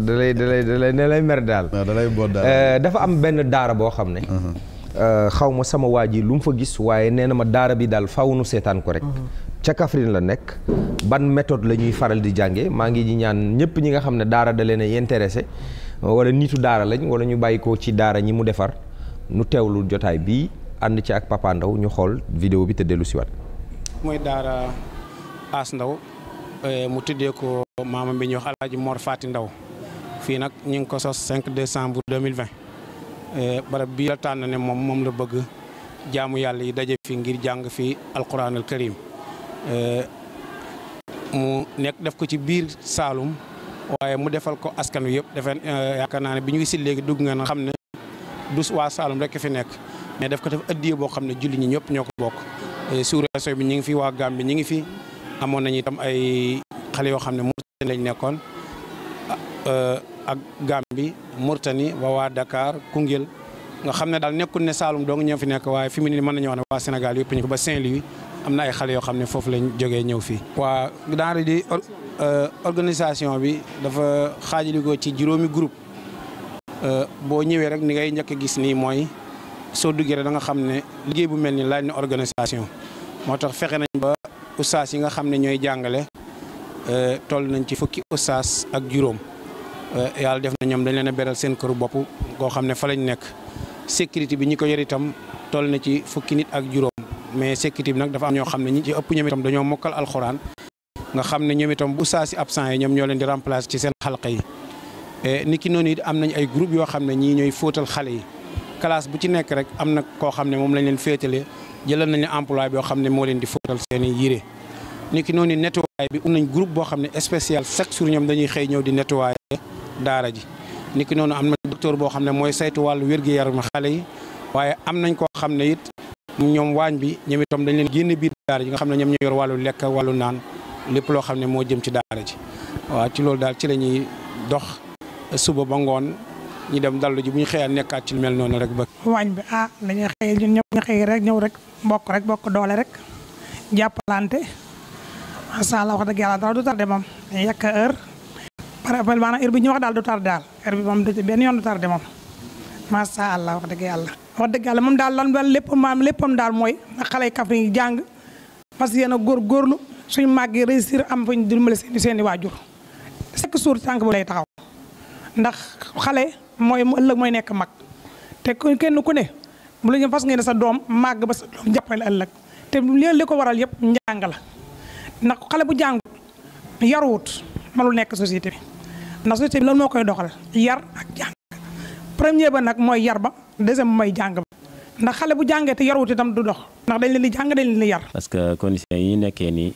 da ne lay mer daal. da lay bon dafa am benn daara boo xam ne. Uh-huh. Euh, xaw ma sama waa ji lu mu fa gis waaye nee na ma daara bi daal faw nu seetaan ko rek. Uh-huh. ca Kaffrine la nekk ban méthode la ñuy faral di jànge maa ngi ñi ñaan ñëpp ñi nga xam ne daara da leen a intéressé wala nitu daara lañ wala ñu bàyyi ko ci daara ñi mu defar nu lu jotaay bii ànd ci ak Papa ñu xool vidéo bi te dellu siwaat As Ndaw eh, mu tuddee ko maamam bi ñuy wax Alaaji Mor Faati Ndaw fii nag ñu ngi ko sos 5 décembre 2020 eh, barab bii la tànn ne moom moom la bëgg jaamu yàlla yi daje fi ngir jàng fi alquranul karim eh, mu nekk def ko ci biir Saalum waaye mu defal ko askan wi yëpp defee yaakaar naa ne bi ñu ngi si léegi dugg nga na xam ne du waa Saalum rek fi nekk mais def ko def addiye boo xam ne julli ñi ñëpp ñoo ko bokk sous bi ñu fi waa Gambie ñu fi amoon nañu itam ay xale yoo xam ne Mauritanie lañ nekkoon ah, ak Gambie Mauritanie ba waa dakaar Koungheul nga xam ne daal nekkul ne Saalum dong ñëw fi nekk waaye fi mu nii mën nañu wax ne waa Sénégal yëpp ñu ko ba Saint-Louis am na ay xale yoo xam ne foofu lañ jógee ñëw fii. waa daara di euh, organisation bi dafa xaajaligoo ci juróomi groupe euh, boo ñëwee rek ni ngay njëkk a gis nii mooy soo duggee rek da nga xam ne liggéey bu mel ni laaj na organisation moo tax fexe nañ ba. ustaas yi nga xam ne ñooy jàngale eh, toll nañ ci fukki ustaas ak juróom eh, yàlla def na ñoom dañ leen a beral seen këru bopp koo xam ne fa lañ nekk sécurité bi ñi ko yor itam toll na ci fukki nit ak juróom mais sécurité bi nag dafa am ñoo xam ne ñi ci ëpp ñoom dañoo mokkal alxuraan nga xam ne itam bu ustaas yi absent yi ñoom ñoo leen di remplacer ci seen xalqa yi eh, ni ki noonu it am nañ ay groupe yoo xam ne ñii ñooy fóotal xale yi classe bu ci nekk rek am na koo xam ne moom lañ leen féetale jëlal nañu emploi yoo xam ne moo leen di fóotal seen i yére niki noonu nettoyé bi um nañ groupe boo xam ne spécial chaque jour ñoom dañuy xëy ñëw di nettoyé daara ji niki noonu am na docteur boo xam ne mooy saytu wàllu wér-gu-yaram xale yi waaye am nañ koo xam ne it ñoom waañ bi ñoom itam dañ leen génn biir daara ji nga xam ne ñoom ñoo yor wàllu lekk wàllu naan lépp loo xam ne moo jëm ci daara ji waa ci loolu daal ci la ñuy dox suba ba ngoon ñu dem dal ji bu ñu xëyaan nekkaat ci lu mel noonu rek ba. waañ bi ah dañuy xëy ñun ñëpp ñu rek ñëw rek bokk doole rek jàppalante macha allah wax dëgg yàlla dara du tardé moom dañuy yàq heure. par rapport daal du tardé daal heure bi benn yoon du tardé moom macha dëgg yàlla. wax dëgg yàlla moom daal lan daal léppam maanaam léppam daal mooy xale yi Kaffrine yi jàng parce que yéen a góorgóorlu suñu màggee réussir am fu ñu dimbali seen i waajur chaque jour tànk bu lay taxaw ndax xale mooy mu ëllëg mooy nekk mag te ku kenn ku ne mu la ñu fas ngeen ne sa doom màgg ba sa doom jàppale ëllëg te léegi li ko waral yëpp njàng la ndax xale bu jàngut yaruwut manul nekk société bi ndax société bi lan moo koy doxal yar ak premier ba nag mooy yar ba deuxième mooy jàng ba bu jàngee te yaruwut itam du dox ndax dañ leen di jàng dañ leen di yar. parce que conditions yi ñu nekkee nii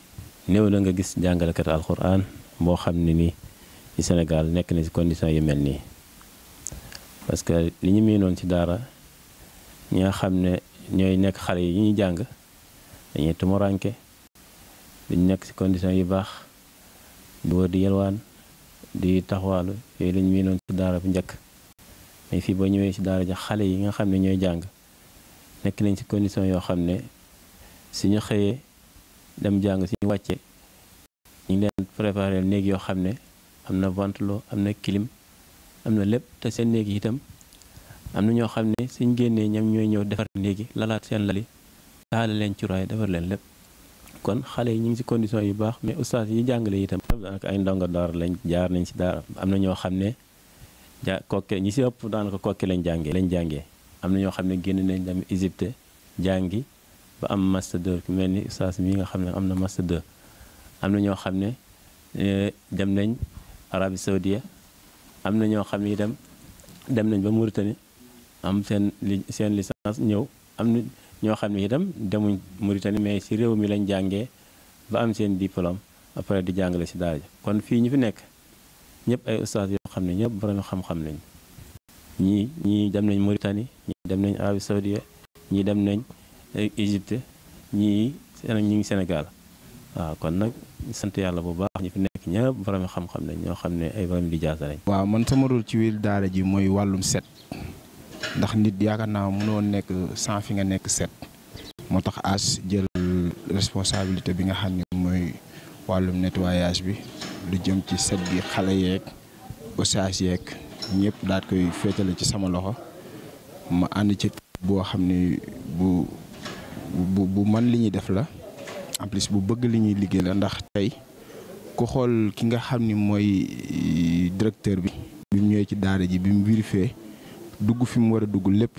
néew na nga gis jàngalekat alxuraan boo xam ne nii ci Sénégal nekk ni ci conditions yu mel nii. parce que li ñu miinoon ci daara ñi nga xam ne ñooy nekk xale yi ñuy jàng dañuy tumuranke duñ nekk ci condition yu baax di wër di yelwaan di taxawaalu yooyu lañ miinoon ci daara bu njëkk mais fii boo ñëwee ci daara ja xale yi nga xam ne ñooy jàng nekk nañ ci condition yoo xam ne suñu xëyee dem jàng suñu wàccee ñu ngi leen préparé néeg yoo xam ne am na ventilo am na kilim am na lépp te seen néeg itam am na ñoo xam ne suñ génnee ñam ñooy ñëw defar néegi lalaat seen lali taala leen cuuraay defar leen lépp kon xale yi ñu ngi si condition yu baax mais ustaas yi jàngale itam daanaka ay ndongo daara lañ jaar nañ si daara am na ñoo xam ne ja kokki ñi si ëpp daanaka kokki lañ jànge lañ jàngee am na ñoo xam ne génn nañ dem Égypte jàngi ba am master 2 ku mel ni ustaas mii nga xam ne am na master 2 am na ñoo xam ne eh, dem nañ Arabie Saoudite am na ñoo xam ne itam dem nañ ba Mauritanie am seen li seen licence ñëw am na ñoo xam ne itam demuñ Mauritanie mais si réew mi lañ jàngee ba am seen diplôme après di jàngale si daal ji kon fii ñu fi nekk ñëpp ay ustaas yoo xam ne ñëpp borom xam-xam lañ ñii ñii dem nañ Mauritanie ñii dem nañ Arabie Saoudite ñii dem nañ Égypte ñii ñu ngi Sénégal waaw kon nag sant yàlla bu baax ñu fi nekk ñëpp borom xam-xam lañ ñoo xam ne ay borom lijaasa lañ. waaw man sama rôle ci biir daara ji mooy wàllum set ndax nit yaakaar naa mënoo nekk sans fi nga nekk set moo tax as jël responsabilité bi nga xam ne mooy wàllum nettoyage bi du jëm ci set bi xale yeeg oustaz yeeg ñëpp daal koy féetale ci sama loxo ma ànd ci boo xam ne bu bu bu man li ñuy def la. en plus bu bëgg li ñuy liggéey la ndax tey ku xool ki nga xam ni mooy euh, directeur bi bi mu ñëwee ci daara ji bi mu vérifié dugg fi mu war a dugg lépp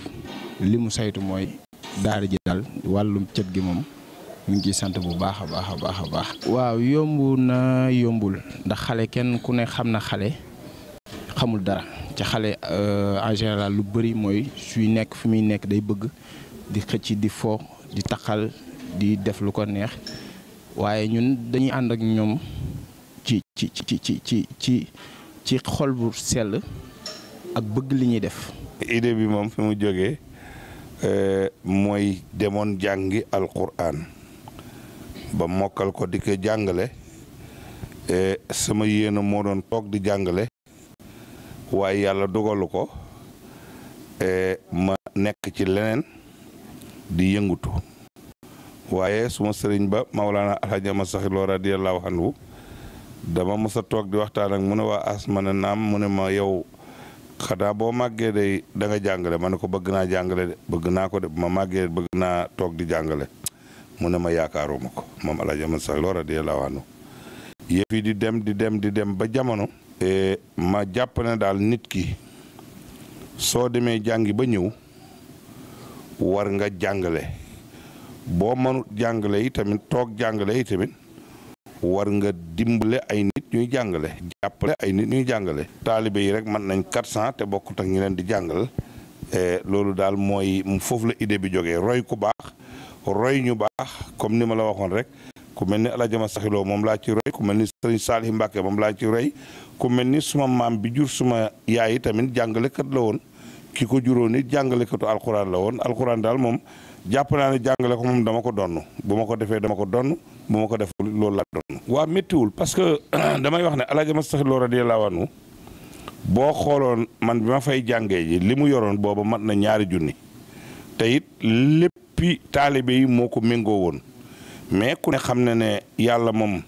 li mu saytu mooy daara ji daal wàllum cet gi moom ñu ngi sant bu baax a baax a baax a baax. waaw yomb na yombul ndax xale kenn ku ne xam na xale xamul dara ci xale euh, en général lu bari mooy suy nekk fi muy nekk day bëgg di xëcc di fo di taqal. di def lu ko neex waaye ñun dañuy ànd ak ñoom ci ci ci ci ci ci ci xol bu sell ak bëgg li ñuy def. idée bi moom fi mu jóge euh, mooy demoon jàngi alquran ba mokkal ko di ko jàngale euh, sama yéena moo doon toog di jàngale waaye yàlla dogalu ko euh, ma nekk ci leneen di yëngutu waaye suma sëriñ ba Maulana Alhaji Ama Saxir Lo radiyallahu anhu dama mës a toog di waxtaan ak mu ne waa as ma naam mu ne ma yow xanaa boo màggee day da nga jàngale ma ne ko bëgg naa jàngale de bëgg naa ko de bu ma màggee bëgg naa toog di jàngale mu ne ma yaakaaruma ko moom Alhaji Ama Saxir Lo radiyallahu anhu yëf yi di dem di dem di dem ba jamono. E, ma jàpp ne daal nit ki soo demee jàngi ba ñëw war nga jàngale. boo mënut jàngale yi tamit toog jàngale yi tamit war nga dimbale ay nit ñuy jàngale jàppale ay nit ñuy jàngale taalibe yi rek mën nañ quatre cent te bokkut ak ñi leen di jàngal eh, loolu daal mooy foofu la idée bi jógee roy ku baax roy ñu baax comme ni ma la waxoon rek ku mel ni alajama saxiloo moom laa ci roy ku mel ni sëriñ Saalih moom laa ci roy ku mel ni suma maam bi jur suma yaay yi tamit jàngalekat la woon ki ko juróon it jàngalekatu alxuraan la woon alxuraan daal moom jàpp naa ne jàngale ko moom dama ko donn bu ma ko defee dama ko donn bu ma ko def loolu la donn waa méttiwul parce que damay wax ne alaaji mastaxiloo radiyallaahu anhu boo xooloon man bi ma fay jàngee ji li mu yoroon booba mat na ñaari junni te it léppi taalibe yi moo ko méngoo woon mais ku ne xam ne ne yàlla moom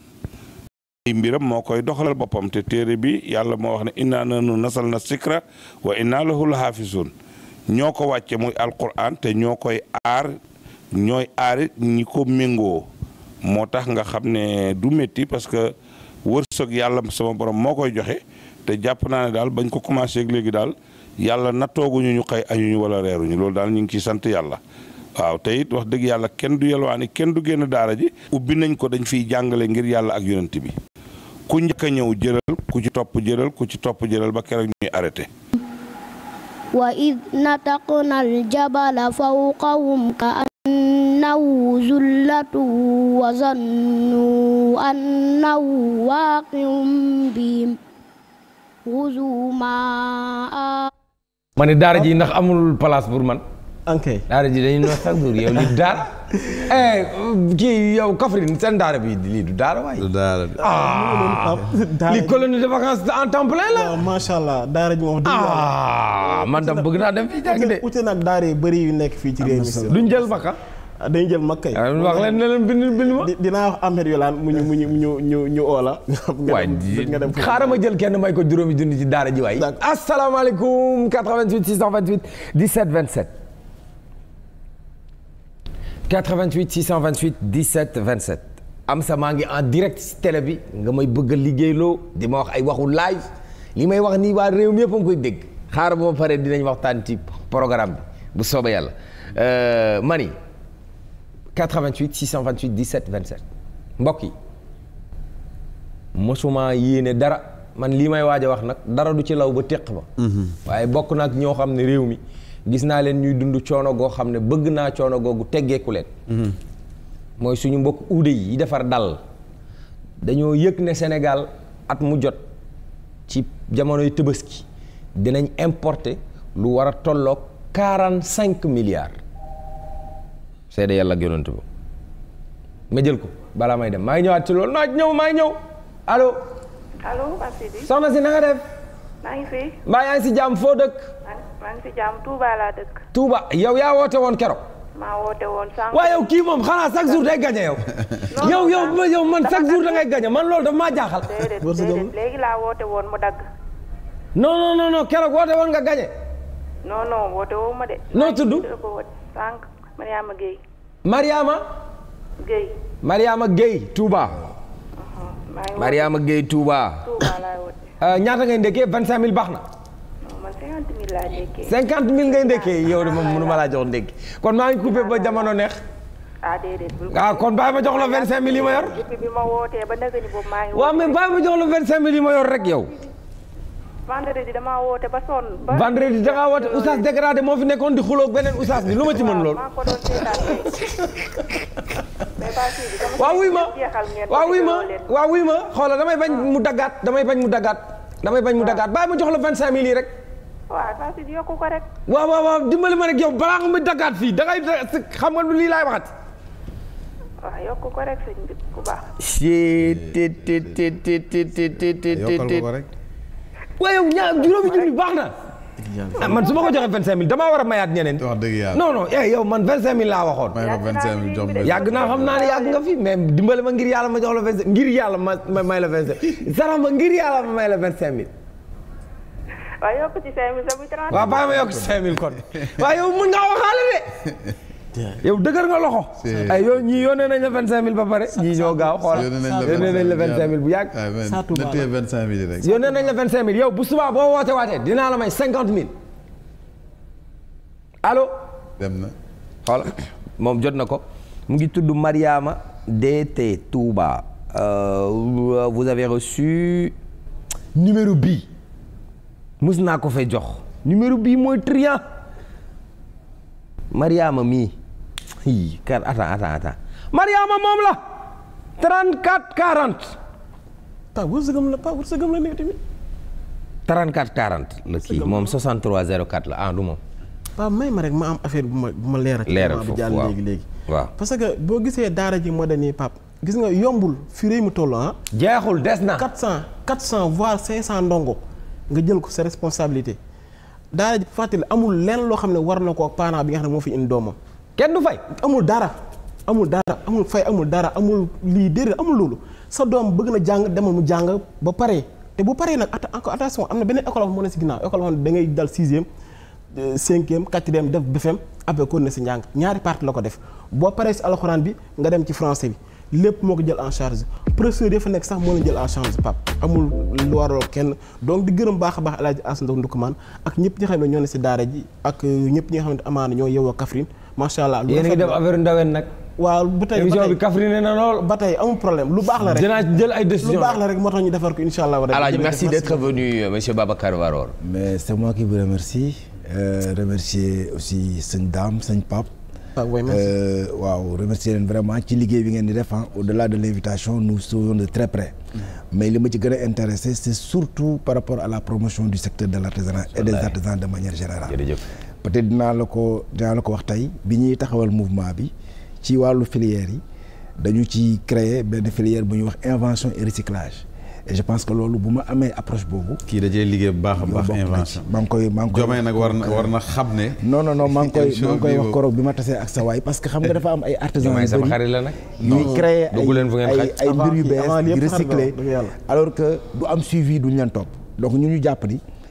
ay mbiram moo koy doxalal boppam te téere bi yàlla moo wax ne innaa nanu nasal na sikra wa innaa lahul haafisuun ñoo ko wàcce muy alquran te ñoo koy aar ñooy aarit ñi ko méngoo moo tax nga xam ne du métti parce que wërsëg yàlla sama borom moo koy joxe te jàpp naa ne daal bañ ko commencé ak léegi daal yàlla nattooguñu ñu xëy añuñu wala reeruñu loolu daal ñu ngi ciy sant yàlla waaw te it wax dëgg yàlla kenn du yelwaani kenn du génn daara ji ubbi nañ ko dañ fiy jàngale ngir yàlla ak yonent bi ku njëkk a ñëw jëral ku ci topp jëral ku ci topp jëral ba keroog ñuy arrêté وإذ نتقنا الجبل فوقهم كأنه ذلة وظنوا أنه واقع بهم خذوا ما ma ne daara ji ndax amul place pour man ok daara ji dañu noo chaque jour yow lii daara. Eh, kii yow Kaffrine seen daara bi lii du daara waay. daara bi ah. ah lii colonie de vacances en temps ah, macha allah daara ji moom. ah man tam bëgg naa dem fii de. ute nag daara yu bëri yu nekk fii ci réew mi. duñ jël bakka. Ah, dañu jël makka yi. wax leen ne leen bind mu ñu mu ñu ñu ñu ñu oola. waay nga dem xaaral ma jël kenn may ko juróomi junni ci daara ji waay. asalaamaaleykum 88 628 17 27. 88 628 17 27 am sa maa ngi en direct ci télé bi nga may bëgg a liggéeyloo di ma wax ay waxu live li may wax ni waa réew mi yëpp a koy dégg xaar ba ma paree dinañ waxtaan ci programme bi bu soobee yàlla euh, mani 88 628 17 27 mbokk yi mosuma yéene dara man lii may waaj a wax nag dara du ci law ba téq ba mm-hmm. waaye bokk ak ñoo xam ne réew mi gis naa leen ñuy dund coono goo xam ne bëgg naa coono googu teggeeku leen mhm. mooy suñu mbokk uude yi defar dal dañoo yëg ne senegal at mu jot ci jamonoy tëbaski dinañ importer lu war a tolloog quarante cinq milliards seede yàlla ak yonent ma jël ko balaa may dem maa ngi ñëwaat ci loolu naa ñëw maa ngi ñëw allo allo soxna si na nga maa ngi fi si jàmm foo dëkk maa ngi si jàmm Touba laa dëkk. Touba yaa woote woon kero maa woote woon sànq. waaw yow moom xanaa chaque jour day gagné yow. yow yow yow man chaque jour da ngay gagné man loolu dafa maa jaaxal. déedéet léegi laa woote woon mu dagg. non non woote woon nga gagné. non non woote woo ma de. noo tudd sànq Mariama Guèye. Mariama. Guèye. Mariama Touba. Uh-huh. Mariama Guèye Touba. Touba laa woote. Euh, ñaata ngay ndekkee vingt cinq mille baax na. man cinquante mille ngay ndekkee yow de moom mënu ma laa jox ndekki kon maa ngi coupé ba jamono neex. ah déedéet bul ah, kon bàyyi ma jox la vingt cinq mille yi ma yor. wootee ba naka ni boobu maa ngi. waaw mais bàyyi ma jox la vingt cinq mille yi ma yor rek yow. vendredi damaa woote ba sonn. ba vendredi dangaa woote moo fi nekkoon di xulóog beneen oustaz bi lu ma ci mën loolu. waaw wuy ma waaw wuy ma waaw wuy ma xoolal damay bañ mu daggaat damay bañ mu daggaat damay bañ mu daggaat bàyyi ma jox la vingt cinq mille yi rek. waaw Fatou Seye ko rek. waaw waaw waaw dimbali ma rek yow balaa nga muy daggaat fii da ngay xam nga lii laay waxat. waaw yokku ko rek sëñ baax. ko rek. waaye yow ñaar juróomi junni baax na. Ah, man su ma ko joxee vingt cinq mille damaa war a mayaat ñeneen. wax dëgg yàlla non non eh, yow man vingt cinq mille laa waxoon. may ko vingt cinq mille jox ma yàgg naa xam naa ne yàgg nga fi mais dimbali ma ngir yàlla ma jox la vingt cinq ngir yàlla ma may la vingt cinq. ma ngir yàlla ma may vingt cinq mille. waaw yokk ci 5000 sa muy 30. ma yokk ci 5000 kon waaw yow mën ngaa waxaale de. yow dëgër nga loxo. ay yow ñii yónnee nañ la 25000 ba pare. ñii ñoo gaaw xool yónnee nañ la 25000 bu yàgg. saa tuuba la 25000 rek. yónnee nañ la 25000 yow bu subaa boo woote waatee dinaa la may 50000 moom jot na ko mu ngi tudd Mariama DT Touba euh, vous avez reçu numéro bii. mus naa ko fee jox numéro bii mooy trian mariama mii i kar attends attends attends mariama moom la 34 40 pa wërsëgam la pa wërsëgam la nekk tamit 34 40 la kii moom 63 04 la ah du moom waaw may ma rek ma am affaire bu ma bu ma leeral. leeral bi jàll léegi léegi. waaw parce que boo gisee daara ji moo dañuy pap gis nga yombul fi réew mu toll ah. jeexul des na. 400 400 voire 500 ndongo. nga jël ko sa responsabilité daara ji fàttali amul lenn loo xam ne war na ko ak parent bi nga xam ne moo fi indi doomam. kenn du fay amul dara amul daara amul fay amul dara amul lii déedéet amul loolu sa doom bëgg na jàng demal mu jàng ba pare te bu paree nag attention am na beneen école moo ne si ginnaaw école xam ne da ngay dal sixième euh, cinquième quatrième def BFEM après kon na si njàng ñaari parti la ko def boo paree si alxuraan bi nga dem ci français bi lépp moo ko jël en professeur yi fa nekk sax moo la jël en charge pap amul lu waroo kenn donc di gërëm baax a baax El Hadj Assane Ndao Ndoukoumane ak ñëpp ñi nga xam ne ñoo ne si daara ji ak ñëpp ñi nga xam ne amaana ñoo yewoo Kaffrine macha allah. lu rafet la yéen a ngi def affaire ndawen nag. waaw ba tey émission bi na lool. ba tey amul problème lu baax la rek dinaa jël ay décisions lu rek moo tax ñu defar ko incha allah. alaaji merci d'être venu euh, monsieur Babacar Varor. mais c'est moi qui vous remercie. Euh, remercier aussi sëñ Dame sëñ Pape. Euh, waaw remercier leen vraiment ci liggéey bi ngeen di def au la de l' invitation nous suivons de très près. Mm. mais li ma ci gën a intéressé c' surtout par rapport à la promotion du secteur de l' artisanat et des artisans de manière générale. peut être dinaa la ko dinaa la ko wax tey bi ñuy taxawal mouvement bi ci wàllu filière yi dañu ci créer benn filière bu ñuy wax invention et recyclage. et je pense que loolu bu ma amee approche boobu. kii da cee liggéey bu baax a baax. invention maa ngi koy maa ngi nag war na war na xam ne. Euh, non non non koy wax koroog bi ma tasee ak sa waay parce que xam nga dafa am ay artisans yu bëri ñuy créer ay ay mbir yu bees di recycler alors que du am suivi duñ leen topp donc ñu ñu jàpp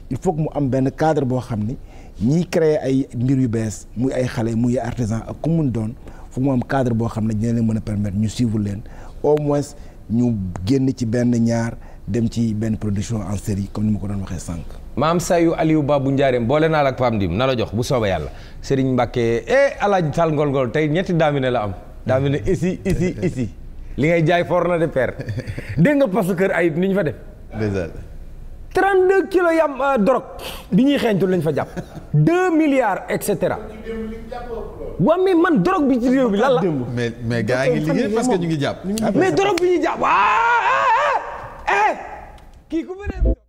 il faut mu am benn cadre boo xam ni ñiy créer ay mbir yu bees muy ay xale muy artisan ak ku mun doon fu mu am cadre boo xam ne ñu leen mën a permettre ñu suivre leen au moins ñu génn ci benn ñaar dem ci benn production en série comme ni ma ko doon waxee sànq. maam Sayou Aliou Babou Ndiarème boole naa la ak Pam Dim na la jox bu soobee yàlla Serigne Mbacke eh alaaj Sall Ngol Ngol tey ñetti daamine la am. daamine ici ici ici. li ngay jaay for na de père dégg nga parce que ay ni ñu fa def. dèjà. 32 kilos yam euh, drogue bi ñuy xeeñtu lañ fa jàpp. 2 milliards et cetera. waa mais man drogue bi ci réew bi lan la. mais mais gars ngi liggéey parce que ñu ngi jàpp. mais drogue bi eh kii ku bëre